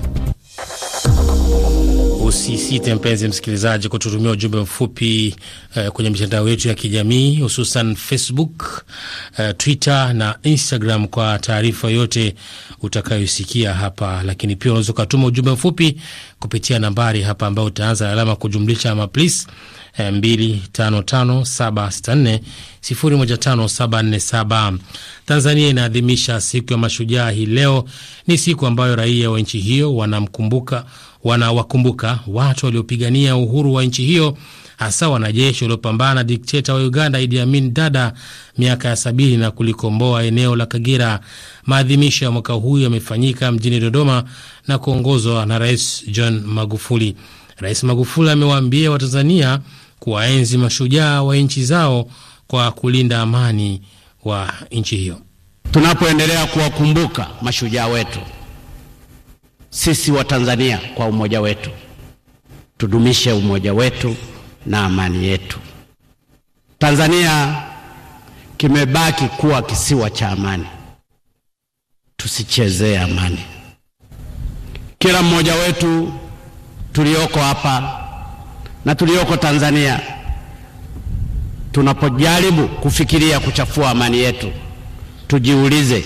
Usisite mpenzi msikilizaji, kututumia ujumbe mfupi uh, kwenye mitandao yetu ya kijamii hususan Facebook, uh, Twitter na Instagram kwa taarifa yote utakayoisikia hapa, lakini pia unaweza ukatuma ujumbe mfupi kupitia nambari hapa ambayo utaanza alama kujumlisha ama please 255764015747. Tanzania inaadhimisha siku ya mashujaa hii leo. Ni siku ambayo raia wa nchi hiyo wanamkumbuka, wanawakumbuka watu waliopigania uhuru wa nchi hiyo hasa wanajeshi waliopambana dikteta wa Uganda Idi Amin Dada miaka ya sabini na kulikomboa eneo la Kagera. Maadhimisho ya mwaka huu yamefanyika mjini Dodoma na kuongozwa na Rais John Magufuli. Rais Magufuli amewaambia Watanzania kuwaenzi mashujaa wa nchi zao kwa kulinda amani wa nchi hiyo. Tunapoendelea kuwakumbuka mashujaa wetu, sisi wa Tanzania kwa umoja wetu, tudumishe umoja wetu na amani yetu. Tanzania kimebaki kuwa kisiwa cha amani, tusichezee amani. Kila mmoja wetu tulioko hapa na tulioko Tanzania tunapojaribu kufikiria kuchafua amani yetu, tujiulize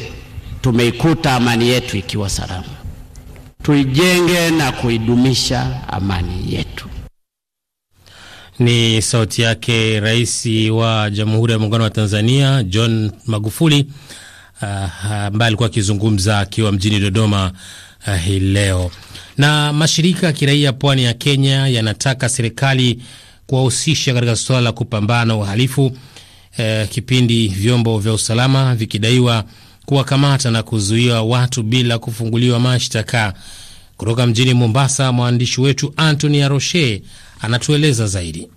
tumeikuta amani yetu ikiwa salama. Tuijenge na kuidumisha amani yetu. Ni sauti yake Rais wa Jamhuri ya Muungano wa Tanzania John Magufuli ah, ambaye uh, alikuwa akizungumza akiwa mjini Dodoma uh, hii leo. Na mashirika ya kiraia pwani ya Kenya yanataka serikali kuwahusisha katika suala la kupambana na uhalifu eh, kipindi vyombo vya usalama vikidaiwa kuwakamata na kuzuia watu bila kufunguliwa mashtaka. Kutoka mjini Mombasa, mwandishi wetu antony Aroshe anatueleza zaidi.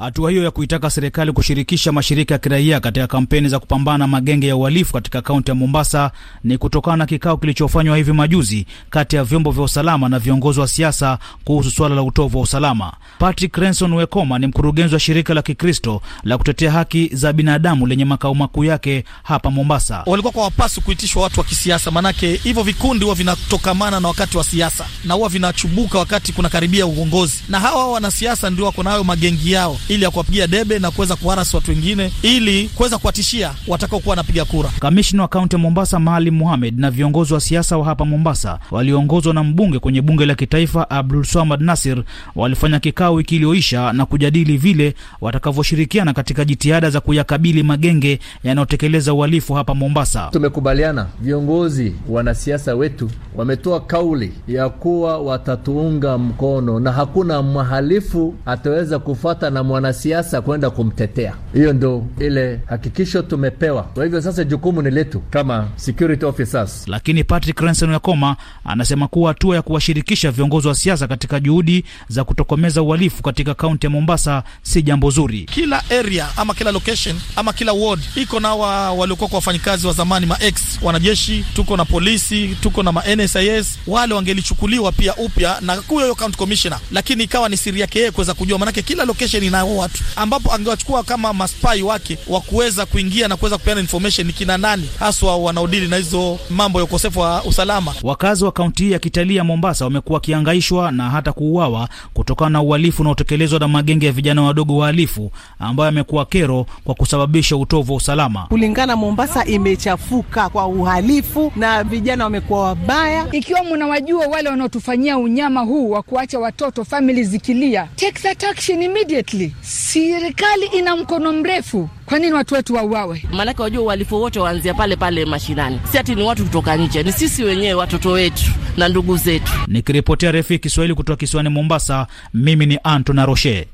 Hatua hiyo ya kuitaka serikali kushirikisha mashirika ya kiraia katika kampeni za kupambana magenge ya uhalifu katika kaunti ya Mombasa ni kutokana na kikao kilichofanywa hivi majuzi kati ya vyombo vya usalama na viongozi wa siasa kuhusu suala la utovu wa usalama. Patrick Renson Wekoma ni mkurugenzi wa shirika la Kikristo la kutetea haki za binadamu lenye makao makuu yake hapa Mombasa. Walikuwa kwa wapasi kuitishwa watu wa kisiasa, maanake hivyo vikundi huwa vinatokamana na wakati wa siasa na huwa vinachubuka wakati kuna karibia uongozi, na hawa wanasiasa ndio wako nayo magengi yao ili ya kuwapigia debe na kuweza kuharasi watu wengine ili kuweza kuwatishia watakaokuwa wanapiga kura. Kamishna wa kaunti ya Mombasa Maalim muhamed na viongozi wa siasa wa hapa Mombasa walioongozwa na mbunge kwenye bunge la kitaifa Abdul Swamad Nasir walifanya kikao wiki iliyoisha na kujadili vile watakavyoshirikiana katika jitihada za kuyakabili magenge yanayotekeleza uhalifu hapa Mombasa. Tumekubaliana, viongozi wanasiasa wetu wametoa kauli ya kuwa watatuunga mkono na hakuna mhalifu ataweza kufata na mwana mwanasiasa kwenda kumtetea. Hiyo ndo ile hakikisho tumepewa. Kwa hivyo sasa jukumu ni letu kama security officers. Lakini Patrick Renson Yakoma anasema kuwa hatua ya kuwashirikisha viongozi wa siasa katika juhudi za kutokomeza uhalifu katika kaunti ya Mombasa si jambo zuri. Kila area ama kila location ama kila ward iko na wa waliokuwa kwa wafanyikazi wa zamani, ma ex wanajeshi, tuko na polisi, tuko na ma NSIS, wale wangelichukuliwa pia upya na kuyo hiyo county commissioner, lakini ikawa ni siri yake yeye kuweza kujua, manake kila location ina hao watu, ambapo angewachukua kama maspai wake wa kuweza kuingia na kuweza kupeana information ni kina nani haswa wanaodili na hizo mambo ya ukosefu wa usalama. Wakazi wa kaunti hii ya kitalii ya Mombasa wamekuwa wakiangaishwa na hata kuuawa kutokana na uhalifu unaotekelezwa na magenge ya vijana wadogo wahalifu, ambayo yamekuwa kero kwa kusababisha utovu wa usalama. Kulingana Mombasa imechafuka kwa uhalifu na vijana wamekuwa wabaya. Ikiwa mnawajua wale wanaotufanyia unyama huu wa kuacha watoto famili zikilia, take that action immediately serikali. ina mkono mrefu, kwa nini watu wetu wauawe? Maanake wajua, uhalifu wote waanzia pale pale mashinani, si ati ni watu kutoka nje, ni sisi wenyewe, watoto wetu na ndugu zetu. Nikiripotia refi Kiswahili kutoka kisiwani Mombasa, mimi ni Antona Roche,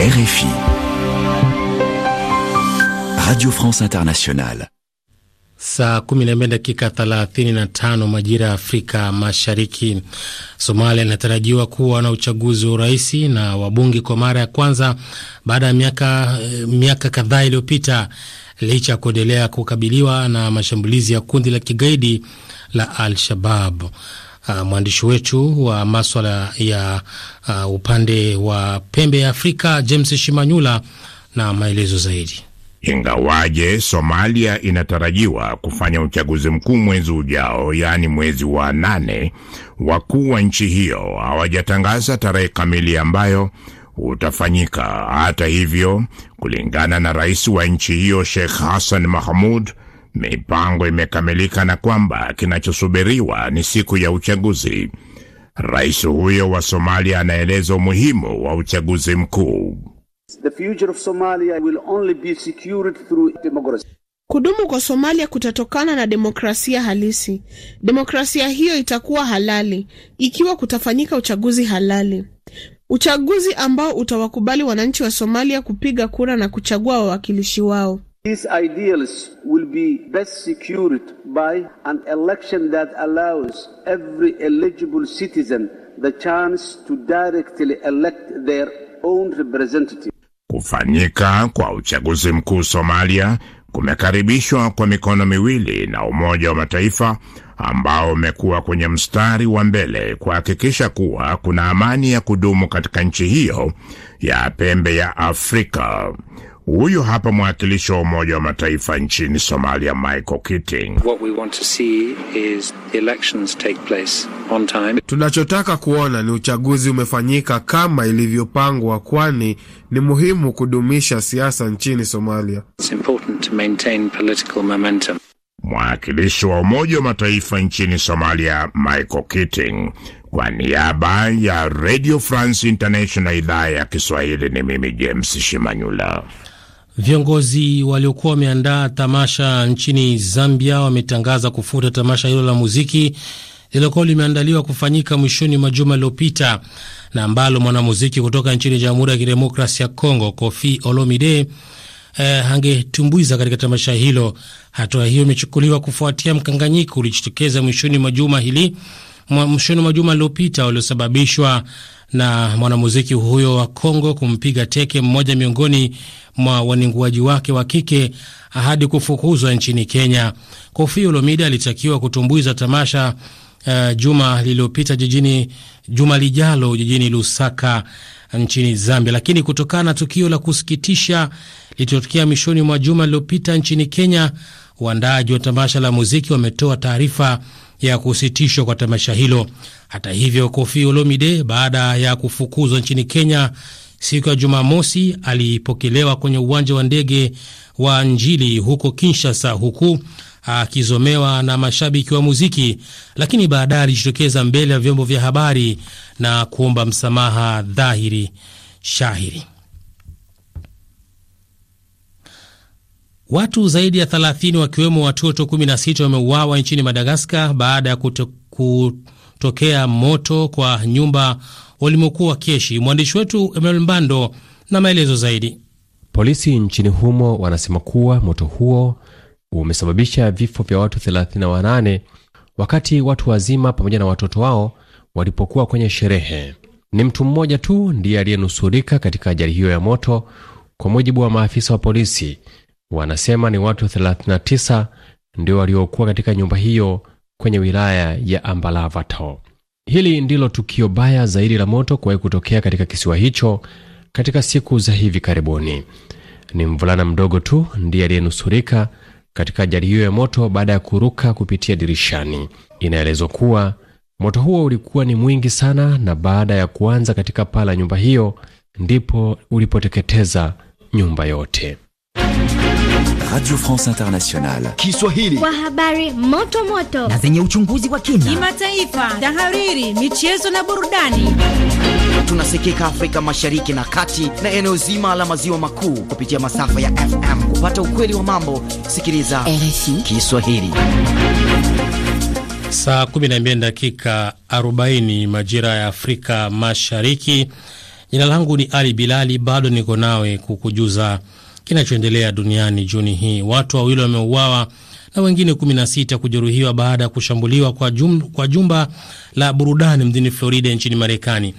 RFI Radio France Internationale saa 12 dakika 35 majira ya Afrika Mashariki. Somalia inatarajiwa kuwa na uchaguzi wa urais na wabunge kwa mara ya kwanza baada ya miaka, eh, miaka kadhaa iliyopita licha ya kuendelea kukabiliwa na mashambulizi ya kundi la kigaidi la Al-Shabab. Uh, mwandishi wetu wa maswala ya uh, upande wa pembe ya Afrika James Shimanyula na maelezo zaidi. Ingawaje Somalia inatarajiwa kufanya uchaguzi mkuu mwezi ujao, yaani mwezi wa nane, wakuu wa nchi hiyo hawajatangaza tarehe kamili ambayo utafanyika. Hata hivyo, kulingana na rais wa nchi hiyo Sheikh Hassan Mahmud, mipango imekamilika na kwamba kinachosubiriwa ni siku ya uchaguzi. Rais huyo wa Somalia anaeleza umuhimu wa uchaguzi mkuu. The future of Somalia will only be secured through democracy. Kudumu kwa Somalia kutatokana na demokrasia halisi. Demokrasia hiyo itakuwa halali ikiwa kutafanyika uchaguzi halali, uchaguzi ambao utawakubali wananchi wa Somalia kupiga kura na kuchagua wawakilishi wao. These ideals will be best secured by an election that allows every eligible citizen the chance to directly elect their own representative. Kufanyika kwa uchaguzi mkuu Somalia kumekaribishwa kwa mikono miwili na Umoja wa Mataifa ambao umekuwa kwenye mstari wa mbele kuhakikisha kuwa kuna amani ya kudumu katika nchi hiyo ya pembe ya Afrika. Huyu hapa mwakilishi wa Umoja wa Mataifa nchini Somalia, Michael Keating. What we want to see is elections take place on time. Tunachotaka kuona ni uchaguzi umefanyika kama ilivyopangwa, kwani ni muhimu kudumisha siasa nchini Somalia. It's important to maintain political momentum. Mwakilishi wa Umoja wa Mataifa nchini Somalia, Michael Keating. Kwa niaba ya Radio France International idhaa ya Kiswahili, ni mimi James Shimanyula. Viongozi waliokuwa wameandaa tamasha nchini Zambia wametangaza kufuta tamasha hilo la muziki lililokuwa limeandaliwa kufanyika mwishoni mwa juma lililopita na ambalo mwanamuziki kutoka nchini Jamhuri ya Kidemokrasi ya Kongo Kofi Olomide eh, angetumbuiza katika tamasha hilo. Hatua hiyo imechukuliwa kufuatia mkanganyiko ulijitokeza mwishoni mwa juma hili mwishoni mwa juma lililopita uliosababishwa na mwanamuziki huyo wa Kongo kumpiga teke mmoja miongoni mwa waninguaji wake wa kike hadi kufukuzwa nchini Kenya. Kofi Olomide alitakiwa kutumbuiza tamasha uh, juma lililopita jijini, juma lijalo jijini Lusaka nchini Zambia, lakini kutokana na tukio la kusikitisha lililotokea mwishoni mwa juma lililopita nchini Kenya, waandaaji wa tamasha la muziki wametoa taarifa ya kusitishwa kwa tamasha hilo. Hata hivyo, Kofi Olomide, baada ya kufukuzwa nchini Kenya siku ya Jumamosi, alipokelewa kwenye uwanja wa ndege wa Njili huko Kinshasa, huku akizomewa na mashabiki wa muziki, lakini baadaye alijitokeza mbele ya vyombo vya habari na kuomba msamaha dhahiri shahiri. Watu zaidi ya 30 wakiwemo watoto 16 wameuawa nchini Madagaskar baada ya kutokea moto kwa nyumba walimokuwa wakiishi. Mwandishi wetu Emmanuel Mbando na maelezo zaidi. Polisi nchini humo wanasema kuwa moto huo umesababisha vifo vya watu 38 wakati watu wazima pamoja na watoto wao walipokuwa kwenye sherehe. Ni mtu mmoja tu ndiye aliyenusurika katika ajali hiyo ya moto, kwa mujibu wa maafisa wa polisi Wanasema ni watu 39 ndio waliokuwa katika nyumba hiyo kwenye wilaya ya Ambalavato. Hili ndilo tukio baya zaidi la moto kuwahi kutokea katika kisiwa hicho katika siku za hivi karibuni. Ni mvulana mdogo tu ndiye aliyenusurika katika ajali hiyo ya moto baada ya kuruka kupitia dirishani. Inaelezwa kuwa moto huo ulikuwa ni mwingi sana, na baada ya kuanza katika paa la nyumba hiyo ndipo ulipoteketeza nyumba yote. Radio France Internationale. Kiswahili. Kwa habari moto moto na zenye uchunguzi wa kina, kimataifa, tahariri, michezo na burudani. Tunasikika Afrika Mashariki na Kati na eneo zima la maziwa makuu kupitia masafa ya FM. Kupata ukweli wa mambo, sikiliza RFI Kiswahili. Saa 12 dakika 40 majira ya Afrika Mashariki. Jina langu ni Ali Bilali, bado niko nawe kukujuza kinachoendelea duniani Juni hii. Watu wawili wameuawa na wengine 16 kujeruhiwa baada ya kushambuliwa kwa, jum, kwa jumba la burudani mjini Florida nchini Marekani.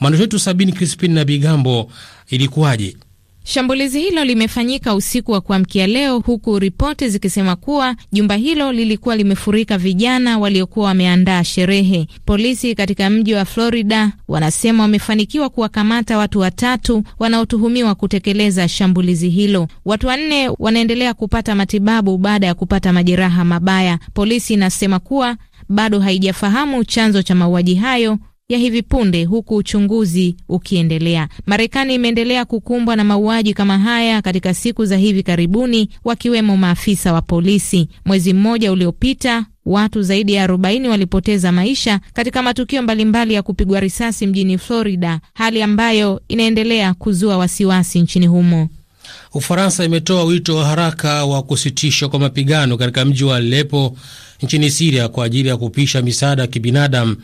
Mwandishi wetu Sabini Crispin na Bigambo, ilikuwaje? Shambulizi hilo limefanyika usiku wa kuamkia leo, huku ripoti zikisema kuwa jumba hilo lilikuwa limefurika vijana waliokuwa wameandaa sherehe. Polisi katika mji wa Florida wanasema wamefanikiwa kuwakamata watu watatu wanaotuhumiwa kutekeleza shambulizi hilo. Watu wanne wanaendelea kupata matibabu baada ya kupata majeraha mabaya. Polisi inasema kuwa bado haijafahamu chanzo cha mauaji hayo ya hivi punde, huku uchunguzi ukiendelea. Marekani imeendelea kukumbwa na mauaji kama haya katika siku za hivi karibuni, wakiwemo maafisa wa polisi. Mwezi mmoja uliopita watu zaidi ya 40 walipoteza maisha katika matukio mbalimbali ya kupigwa risasi mjini Florida, hali ambayo inaendelea kuzua wasiwasi nchini humo. Ufaransa imetoa wito wa haraka wa kusitishwa kwa mapigano katika mji wa lepo nchini Siria kwa ajili ya kupisha misaada ya kibinadamu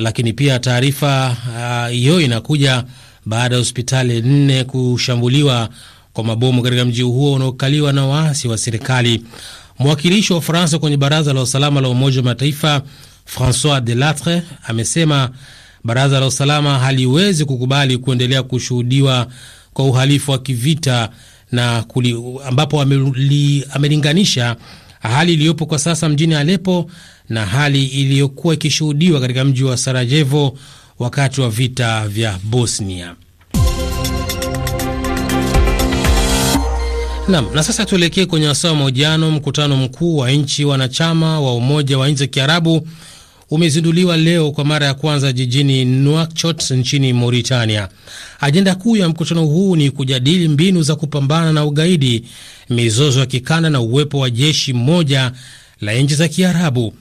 lakini pia taarifa uh, hiyo uh, inakuja baada ya hospitali nne kushambuliwa kwa mabomu katika mji huo unaokaliwa na waasi wa serikali. Mwakilishi wa Ufaransa kwenye baraza la usalama la Umoja wa Mataifa Francois Delattre amesema baraza la usalama haliwezi kukubali kuendelea kushuhudiwa kwa uhalifu wa kivita na kuli, ambapo ameli, amelinganisha hali iliyopo kwa sasa mjini alepo na hali iliyokuwa ikishuhudiwa katika mji wa Sarajevo wakati wa vita vya Bosnia. Nam, na sasa tuelekee kwenye wasaa wa mahojiano. Mkutano mkuu wa nchi wanachama wa Umoja wa Nchi za Kiarabu umezinduliwa leo kwa mara ya kwanza jijini Nouakchott nchini Mauritania. Ajenda kuu ya mkutano huu ni kujadili mbinu za kupambana na ugaidi, mizozo ya kikanda na uwepo wa jeshi moja la nchi za Kiarabu.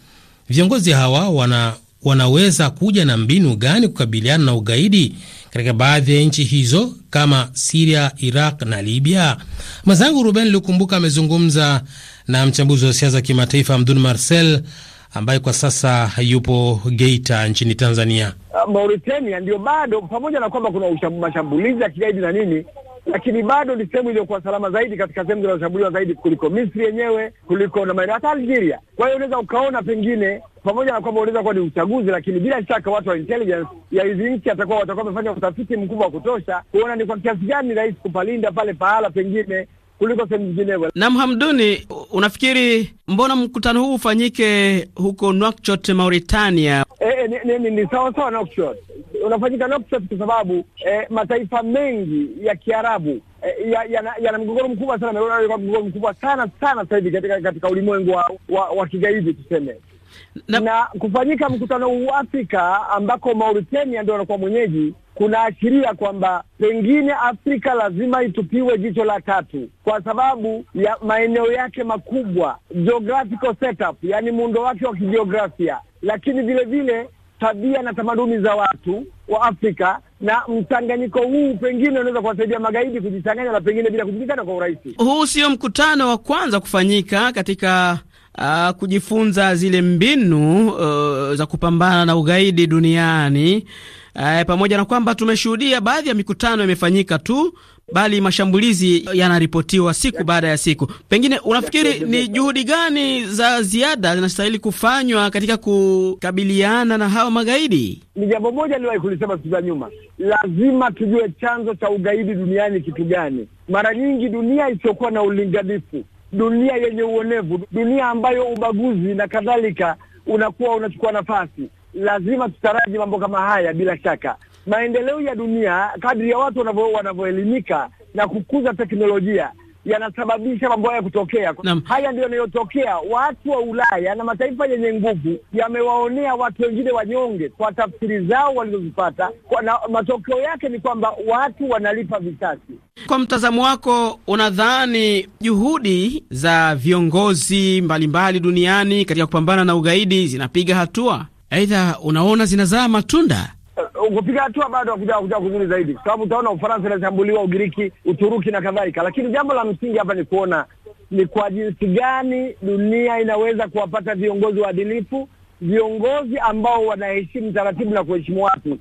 Viongozi hawa wana, wanaweza kuja na mbinu gani kukabiliana na ugaidi katika baadhi ya nchi hizo kama Siria, Iraq na Libya. Mwenzangu Ruben Lukumbuka amezungumza na mchambuzi wa siasa kimataifa Abdul Marcel ambaye kwa sasa yupo Geita nchini Tanzania. Ah, Mauritania ndio bado, pamoja na kwamba kuna mashambulizi ya kigaidi na nini lakini bado ni sehemu iliyokuwa salama zaidi katika sehemu zinazoshambuliwa zaidi kuliko Misri yenyewe kuliko na maeneo hata Algeria. Kwa hiyo unaweza ukaona pengine, pamoja na kwamba unaweza kuwa ni uchaguzi, lakini bila shaka watu wa intelligence ya hizi nchi atakuwa watakuwa wamefanya utafiti mkubwa wa kutosha kuona ni kwa kiasi gani rahisi kupalinda pale pahala pengine kuliko sehemu nyingineo. Na Hamduni, unafikiri mbona mkutano huu ufanyike huko Nouakchott, Mauritania? E, ni, ni, ni sawa sawa Nouakchott, unafanyika Nouakchott kwa sababu e, mataifa mengi ya Kiarabu yana ya, ya mgogoro mkubwa sana, mgogoro mkubwa sana sana sasa hivi katika, katika ulimwengu wa, wa, wa kigaidi tuseme na, na kufanyika mkutano huu Afrika ambako Mauritania ndio wanakuwa mwenyeji kunaashiria kwamba pengine Afrika lazima itupiwe jicho la tatu kwa sababu ya maeneo yake makubwa, geographical setup, yaani muundo wake wa kijiografia, lakini vile vile tabia na tamaduni za watu wa Afrika na mchanganyiko huu pengine unaweza kuwasaidia magaidi kujichanganya na pengine bila kujulikana kwa urahisi. Huu sio mkutano wa kwanza kufanyika katika Uh, kujifunza zile mbinu uh, za kupambana na ugaidi duniani e, pamoja na kwamba tumeshuhudia baadhi ya mikutano imefanyika tu, bali mashambulizi yanaripotiwa siku baada ya siku. Pengine unafikiri ni juhudi gani za ziada zinastahili kufanywa katika kukabiliana na hawa magaidi? Ni jambo moja niliwahi kulisema siku za nyuma, lazima tujue chanzo cha ugaidi duniani kitu gani. Mara nyingi dunia isiyokuwa na ulinganifu, dunia yenye uonevu, dunia ambayo ubaguzi na kadhalika unakuwa unachukua nafasi lazima tutaraji mambo kama haya. Bila shaka, maendeleo ya dunia kadri ya watu wanavyoelimika na kukuza teknolojia yanasababisha mambo haya kutokea. Naam. Haya ndio yanayotokea. Watu wa Ulaya na mataifa yenye nguvu yamewaonea watu wengine wanyonge kwa tafsiri zao walizozipata, na matokeo yake ni kwamba watu wanalipa visasi. Kwa mtazamo wako, unadhani juhudi za viongozi mbalimbali mbali duniani katika kupambana na ugaidi zinapiga hatua? Aidha, unaona zinazaa matunda eh, kupiga hatua bado hakuja kuja kuzuri zaidi, kwa sababu utaona Ufaransa inashambuliwa, Ugiriki, Uturuki na kadhalika. Lakini jambo la msingi hapa ni kuona ni kwa jinsi gani dunia inaweza kuwapata viongozi waadilifu, viongozi ambao wanaheshimu taratibu na kuheshimu watu.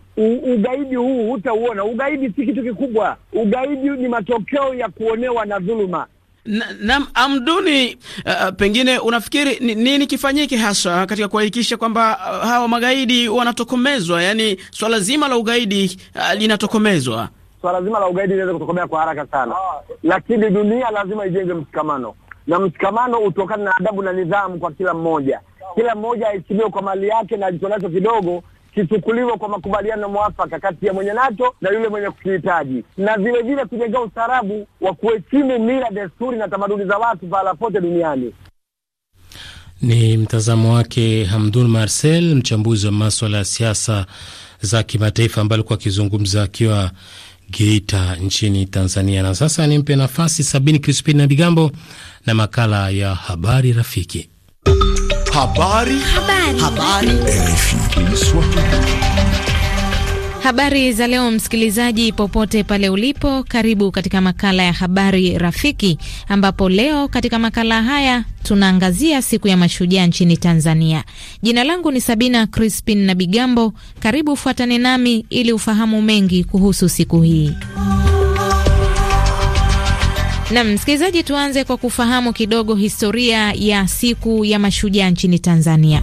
Ugaidi huu hutauona. Ugaidi si kitu kikubwa. Ugaidi ni matokeo ya kuonewa na dhuluma. Naam, Amduni, uh, uh, pengine unafikiri nini kifanyike hasa katika kuhakikisha kwamba uh, hawa magaidi wanatokomezwa, yaani swala zima la ugaidi uh, linatokomezwa? Swala zima la ugaidi linaweza kutokomea kwa haraka sana, lakini dunia lazima ijenge mshikamano, na mshikamano utokana na adabu na nidhamu kwa kila mmoja. Kila mmoja aheshimiwe kwa mali yake na alichonacho kidogo kichukuliwa kwa makubaliano mwafaka kati ya mwenye NATO na yule mwenye kukihitaji, na vilevile kujenga ustaarabu wa kuheshimu mila, desturi na tamaduni za watu pahala pote duniani. Ni mtazamo wake Hamdun Marcel, mchambuzi wa maswala ya siasa za kimataifa, ambaye alikuwa akizungumza akiwa Geita nchini Tanzania. Na sasa nimpe nafasi Sabini Crispin na Bigambo na makala ya Habari Rafiki. Habari. Habari. Habari. Habari za leo msikilizaji, popote pale ulipo, karibu katika makala ya habari rafiki, ambapo leo katika makala haya tunaangazia siku ya mashujaa nchini Tanzania. Jina langu ni Sabina Crispin na Bigambo. Karibu, fuatane nami ili ufahamu mengi kuhusu siku hii. Na msikilizaji, tuanze kwa kufahamu kidogo historia ya siku ya mashujaa nchini Tanzania.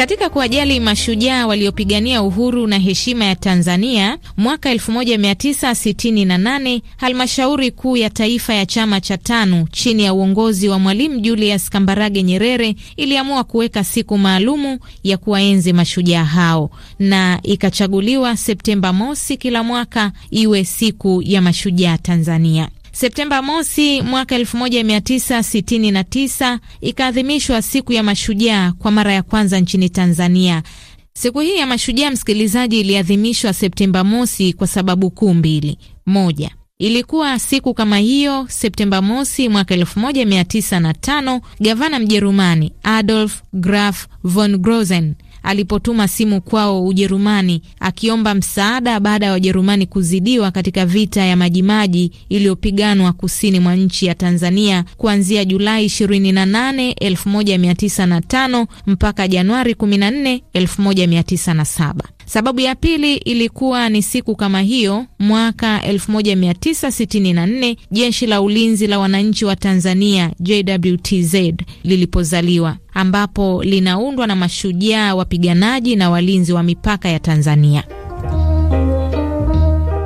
Katika kuwajali mashujaa waliopigania uhuru na heshima ya Tanzania mwaka 1968, halmashauri kuu ya taifa ya chama cha TANU chini ya uongozi wa Mwalimu Julius Kambarage Nyerere iliamua kuweka siku maalumu ya kuwaenzi mashujaa hao na ikachaguliwa Septemba mosi kila mwaka iwe siku ya mashujaa Tanzania. Septemba mosi mwaka 1969 ikaadhimishwa siku ya mashujaa kwa mara ya kwanza nchini Tanzania. Siku hii ya mashujaa, msikilizaji, iliadhimishwa Septemba mosi kwa sababu kuu mbili. Moja, ilikuwa siku kama hiyo Septemba mosi mwaka 1905 gavana Mjerumani Adolf Graf von Grozen alipotuma simu kwao Ujerumani akiomba msaada baada ya Wajerumani kuzidiwa katika vita ya Majimaji iliyopiganwa kusini mwa nchi ya Tanzania kuanzia Julai 28, 1905 mpaka Januari 14, 1907. Sababu ya pili ilikuwa ni siku kama hiyo mwaka 1964 jeshi la ulinzi la wananchi wa Tanzania JWTZ lilipozaliwa ambapo linaundwa na mashujaa wapiganaji na walinzi wa mipaka ya Tanzania.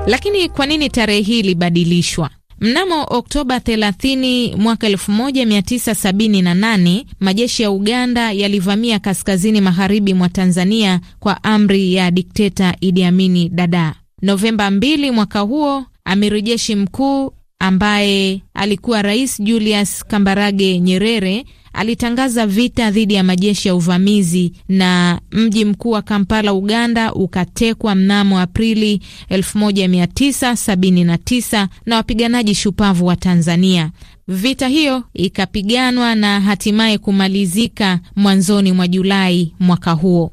Lakini kwa nini tarehe hii ilibadilishwa? Mnamo Oktoba 30 mwaka 1978 majeshi ya Uganda yalivamia kaskazini magharibi mwa Tanzania kwa amri ya dikteta Idi Amini Dada. Novemba 2 mwaka huo, amiri jeshi mkuu ambaye alikuwa Rais Julius Kambarage Nyerere alitangaza vita dhidi ya majeshi ya uvamizi na mji mkuu wa Kampala, Uganda, ukatekwa mnamo Aprili 1979 na wapiganaji shupavu wa Tanzania. Vita hiyo ikapiganwa na hatimaye kumalizika mwanzoni mwa Julai mwaka huo.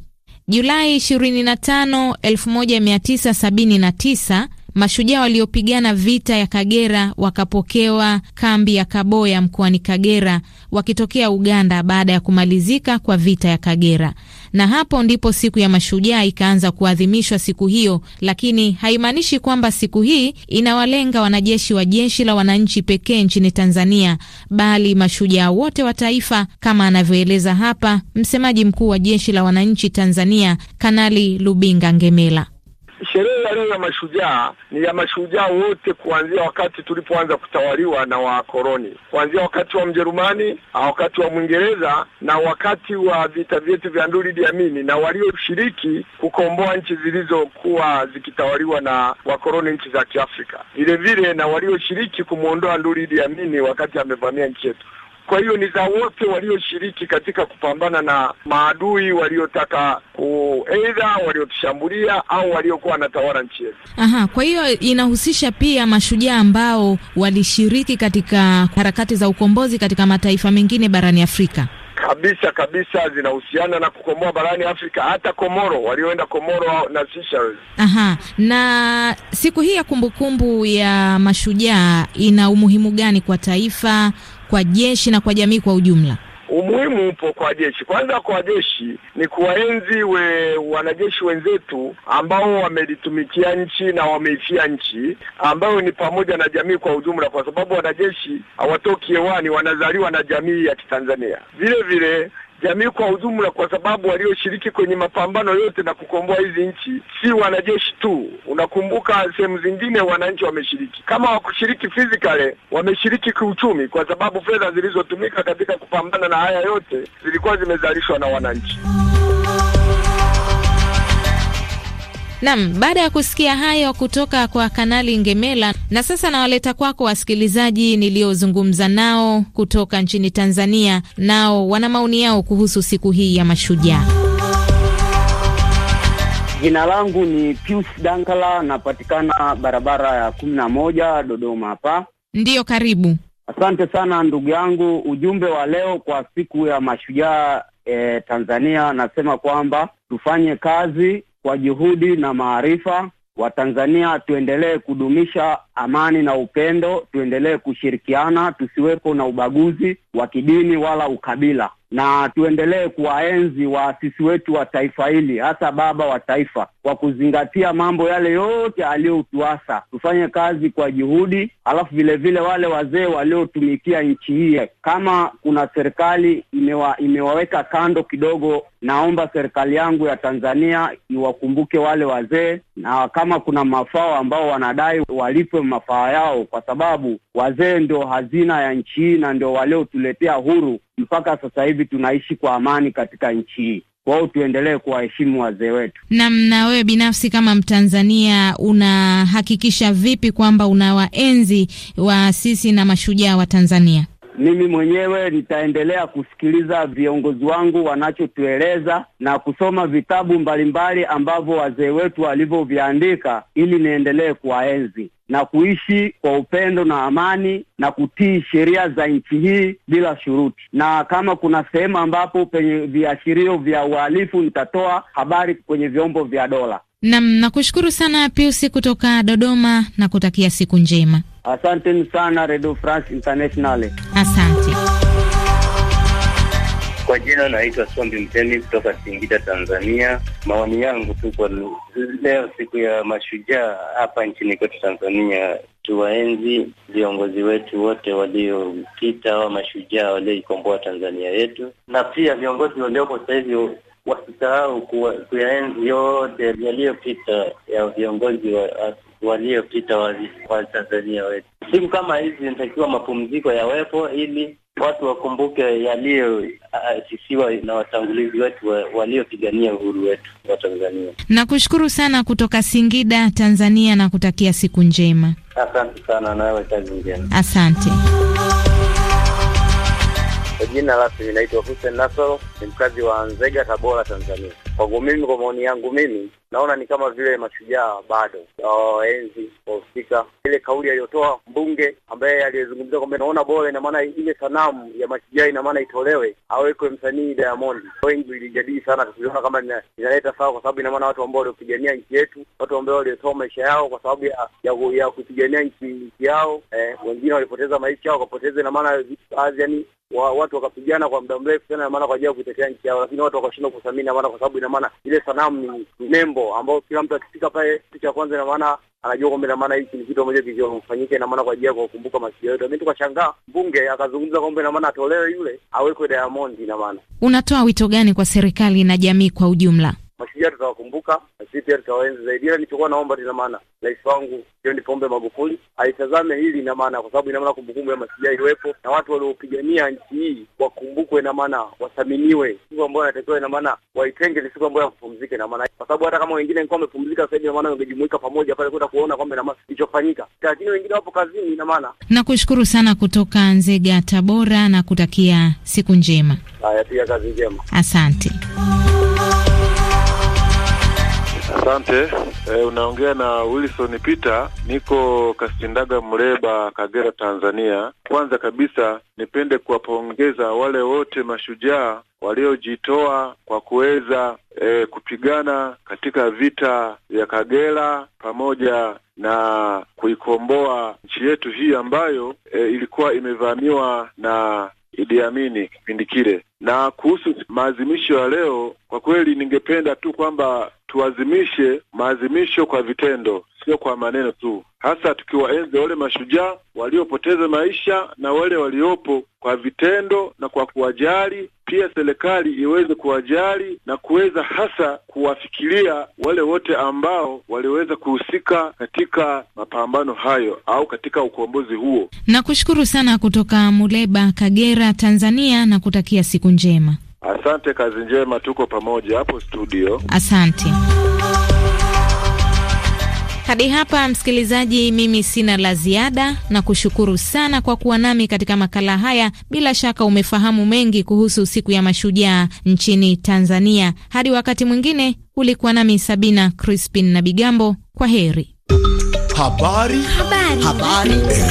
Julai 25, 1979 mashujaa waliopigana vita ya Kagera wakapokewa kambi ya Kaboya mkoani Kagera wakitokea Uganda baada ya kumalizika kwa vita ya Kagera. Na hapo ndipo siku ya mashujaa ikaanza kuadhimishwa siku hiyo, lakini haimaanishi kwamba siku hii inawalenga wanajeshi wa jeshi la wananchi pekee nchini Tanzania, bali mashujaa wote wa taifa, kama anavyoeleza hapa msemaji mkuu wa jeshi la wananchi Tanzania, Kanali Lubinga Ngemela. Sherehe leo ya mashujaa ni ya mashujaa wote, kuanzia wakati tulipoanza kutawaliwa na wakoloni, kuanzia wakati wa Mjerumani, wakati wa Mwingereza na wakati wa vita vyetu vya Nduli Idi Amini, na walioshiriki kukomboa nchi zilizokuwa zikitawaliwa na wakoloni, nchi za Kiafrika, vile vile na walioshiriki kumwondoa Nduli Idi Amini wakati amevamia nchi yetu. Kwa hiyo ni za wote walioshiriki katika kupambana na maadui waliotaka kueidha waliotushambulia au waliokuwa wanatawala nchi yetu. Aha, kwa hiyo inahusisha pia mashujaa ambao walishiriki katika harakati za ukombozi katika mataifa mengine barani Afrika. Kabisa kabisa, zinahusiana na kukomboa barani Afrika, hata Komoro, walioenda Komoro na Seychelles. Aha, na siku hii ya kumbukumbu ya mashujaa ina umuhimu gani kwa taifa kwa jeshi na kwa jamii kwa ujumla? Umuhimu upo kwa jeshi. Kwanza kwa jeshi ni kuwaenzi we wanajeshi wenzetu ambao wamelitumikia nchi na wameifia nchi, ambayo ni pamoja na jamii kwa ujumla, kwa sababu wanajeshi hawatoki hewani, wanazaliwa na jamii ya Kitanzania. Vile vile jamii kwa ujumla, kwa sababu walioshiriki kwenye mapambano yote na kukomboa hizi nchi si wanajeshi tu. Unakumbuka sehemu zingine wananchi wameshiriki, kama wakushiriki physically, wameshiriki kiuchumi, kwa sababu fedha zilizotumika katika kupambana na haya yote zilikuwa zimezalishwa na wananchi. Nam, baada ya kusikia hayo kutoka kwa Kanali Ngemela, na sasa nawaleta kwako wasikilizaji niliozungumza nao kutoka nchini Tanzania, nao wana maoni yao kuhusu siku hii ya mashujaa. Jina langu ni Pius Dankala, napatikana barabara ya kumi na moja Dodoma hapa. Ndiyo, karibu. Asante sana ndugu yangu. Ujumbe wa leo kwa siku ya mashujaa eh, Tanzania, nasema kwamba tufanye kazi kwa juhudi na maarifa. Watanzania tuendelee kudumisha amani na upendo, tuendelee kushirikiana, tusiwepo na ubaguzi wa kidini wala ukabila, na tuendelee kuwaenzi waasisi wetu wa taifa hili, hasa baba wa taifa kwa kuzingatia mambo yale yote aliyotuasa. Tufanye kazi kwa juhudi, alafu vilevile wale wazee waliotumikia nchi hii, kama kuna serikali imewa, imewaweka kando kidogo, naomba serikali yangu ya Tanzania iwakumbuke wale wazee, na kama kuna mafao ambao wanadai walipwe mafao yao, kwa sababu wazee ndio hazina ya nchi hii na ndio waliotuletea huru mpaka sasa hivi tunaishi kwa amani katika nchi hii wao tuendelee kuwaheshimu wazee wetu. Naam. Na wewe binafsi kama Mtanzania unahakikisha vipi kwamba unawaenzi sisi na mashujaa wa Tanzania? Mimi mwenyewe nitaendelea kusikiliza viongozi wangu wanachotueleza na kusoma vitabu mbalimbali ambavyo wazee wetu walivyoviandika ili niendelee kuwaenzi na kuishi kwa upendo na amani na kutii sheria za nchi hii bila shuruti, na kama kuna sehemu ambapo penye viashirio vya uhalifu nitatoa habari kwenye vyombo vya dola. Nam, nakushukuru sana Piusi kutoka Dodoma na kutakia siku njema. Asanteni sana Redio France Internationale, asante. Kwa jina naitwa Sombi Mtemi kutoka Singida, Tanzania. Maoni yangu tu kwa leo, siku ya mashujaa hapa nchini kwetu Tanzania, tuwaenzi viongozi wetu wote waliopita, wa mashujaa walioikomboa Tanzania yetu, na pia viongozi waliopo sasa hivi wasisahau kuyaenzi yote yaliyopita ya viongozi wa waliopita wa Tanzania wetu. Siku kama hizi inatakiwa mapumziko yawepo ili watu wakumbuke yaliyoasisiwa uh, na watangulizi wetu waliopigania uhuru wetu wa Tanzania. Nakushukuru sana kutoka Singida, Tanzania, na kutakia siku njema. Asante sana, nawe kazi njema. Asante. jina la pili naitwa Hussein Nasoro, ni mkazi wa Nzega, Tabora, Tanzania. Kwangu mimi, kwa maoni yangu mimi, naona ni kama vile mashujaa bado hawaenzi wahusika. Ile kauli aliyotoa mbunge ambaye aliyezungumzia kwamba naona bora, ina maana ile sanamu ya mashujaa ina maana itolewe, awekwe msanii Diamond. Wengi ilijadili sana, tukiona kama inaleta sawa, kwa sababu ina maana watu ambao waliopigania nchi yetu, watu ambao waliotoa maisha yao kwa sababu ya ya, ya kupigania nchi yao, eh, wengine walipoteza maisha yao, wakapoteza ina maana, yani wa, watu wakapigana kwa muda mrefu sana, maana kwa ajili ya kuitetea nchi yao, lakini watu wakashindwa kuthamini, maana kwa sababu ina maana ile sanamu ni nembo ambayo kila mtu akifika pale, kitu cha kwanza ina maana anajua kwamba ina maana hiki ni kitu ambacho kilichofanyika, ina maana kwa ajili ya kukumbuka masikio yetu. Mimi tukashangaa mbunge akazungumza kwamba ina maana atolewe yule awekwe Diamond. Ina maana unatoa wito gani kwa serikali na jamii kwa ujumla? Mashujaa tutawakumbuka na sisi pia tutawaenzi zaidi. Ila nilichokuwa naomba tina maana, rais wangu John Pombe Magufuli aitazame hili, ina maana, kwa sababu ina maana kumbukumbu ya mashujaa iwepo na watu waliopigania nchi hii wakumbukwe, ina maana wathaminiwe. Siku ambayo anatakiwa ina maana waitenge ni siku ambayo wapumzike, ina maana, kwa sababu hata kama wengine walikuwa wamepumzika sasa hivi, ina maana wangejumuika pamoja pale kwenda kuona kwamba ina maana kilichofanyika, lakini wengine wapo kazini, ina maana. Nakushukuru sana kutoka Nzega, Tabora, na kutakia siku njema. Haya, pia kazi njema, asante. Asante. E, unaongea na Wilson Peter, niko Kastindaga Mreba, Kagera, Tanzania. Kwanza kabisa nipende kuwapongeza wale wote mashujaa waliojitoa kwa kuweza e, kupigana katika vita vya Kagera pamoja na kuikomboa nchi yetu hii ambayo e, ilikuwa imevamiwa na Idi Amini kipindi kile. Na kuhusu maadhimisho ya leo, kwa kweli ningependa tu kwamba tuazimishe maazimisho kwa vitendo, sio kwa maneno tu, hasa tukiwaenzi wale mashujaa waliopoteza maisha na wale waliopo kwa vitendo na kwa kuwajali. Pia serikali iweze kuwajali na kuweza hasa kuwafikiria wale wote ambao waliweza kuhusika katika mapambano hayo au katika ukombozi huo. Nakushukuru sana kutoka Muleba, Kagera, Tanzania na kutakia siku njema. Asante, kazi njema, tuko pamoja hapo studio. Asante. Hadi hapa msikilizaji, mimi sina la ziada na kushukuru sana kwa kuwa nami katika makala haya. Bila shaka umefahamu mengi kuhusu siku ya mashujaa nchini Tanzania. Hadi wakati mwingine, ulikuwa nami Sabina Crispin na Bigambo. Kwa heri. Habari. Habari. Habari. Habari.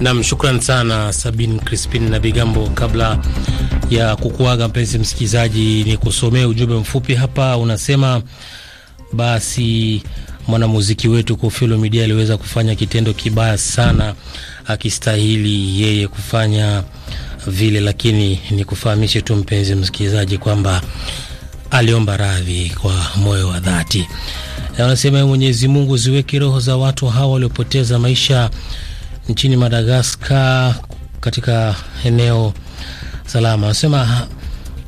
Nam, shukran sana Sabin Crispin na Bigambo. Kabla ya kukuaga, mpenzi msikilizaji, ni kusomea ujumbe mfupi hapa unasema, basi mwanamuziki wetu Kofilo Midia aliweza kufanya kitendo kibaya sana, akistahili yeye kufanya vile, lakini kufahamishe tu mpenzi msikilizaji kwamba aliomba radhi kwa moyo wa dhati, na anasema Mwenyezi Mungu ziweke roho za watu hawa waliopoteza maisha nchini Madagaskar katika eneo salama. Wanasema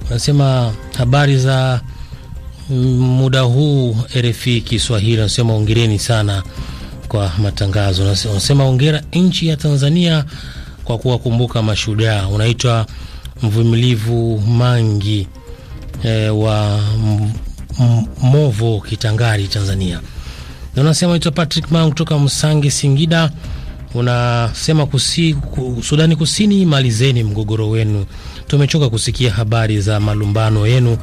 wanasema habari za muda huu RFI Kiswahili, wanasema ongereni sana kwa matangazo. Wanasema ongera nchi ya Tanzania kwa kuwakumbuka mashujaa. Unaitwa mvumilivu Mangi e, wa Movo Kitangari, Tanzania. Unasema unaitwa Patrick Mang kutoka msangi Singida unasema kusi, Sudani Kusini, malizeni mgogoro wenu. Tumechoka kusikia habari za malumbano yenu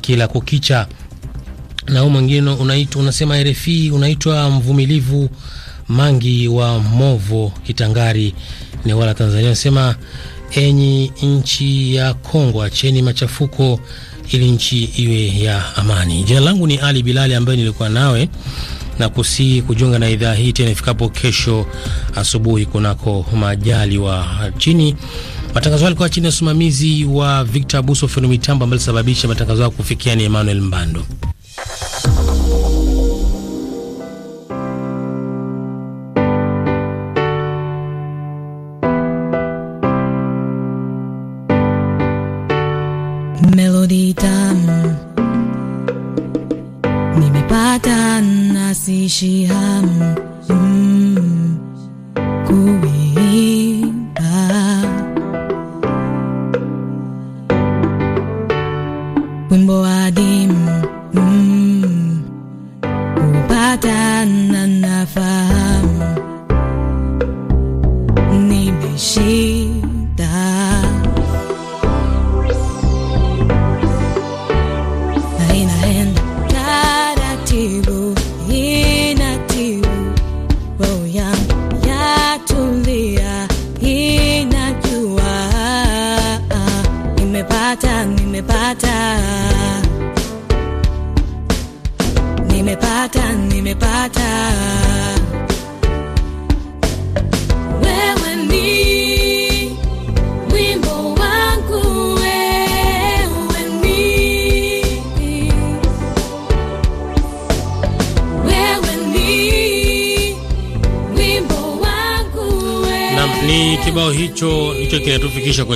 kila kukicha. Na huu mwingine unaitwa unasema RFI, unaitwa mvumilivu Mangi wa Movo Kitangari ni wala Tanzania unasema enyi nchi ya Kongo, acheni machafuko ili nchi iwe ya amani. Jina langu ni Ali Bilali ambaye nilikuwa nawe na kusihi kujiunga na idhaa hii tena ifikapo kesho asubuhi kunako majali wa chini. Matangazo yalikuwa chini ya usimamizi wa Victor Abuso, fundi mitambo ambaye alisababisha matangazo yao kufikia ni Emmanuel Mbando. 稀罕。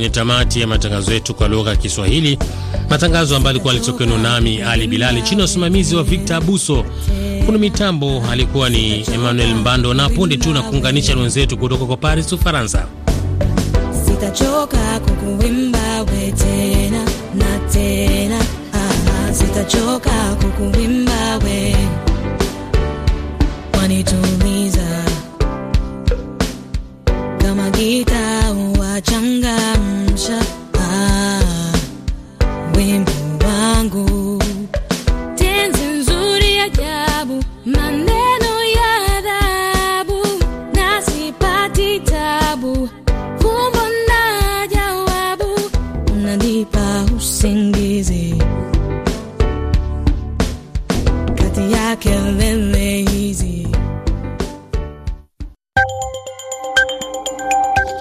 kwenye tamati ya matangazo yetu kwa lugha ya Kiswahili, matangazo ambayo alikuwa alitokeno nami Ali Bilali chini ya usimamizi wa Victor Abuso. Kuna mitambo alikuwa ni Emmanuel Mbando, na punde tu na kuunganisha wenzetu kutoka kwa Paris, Ufaransa. gita wachanga mcha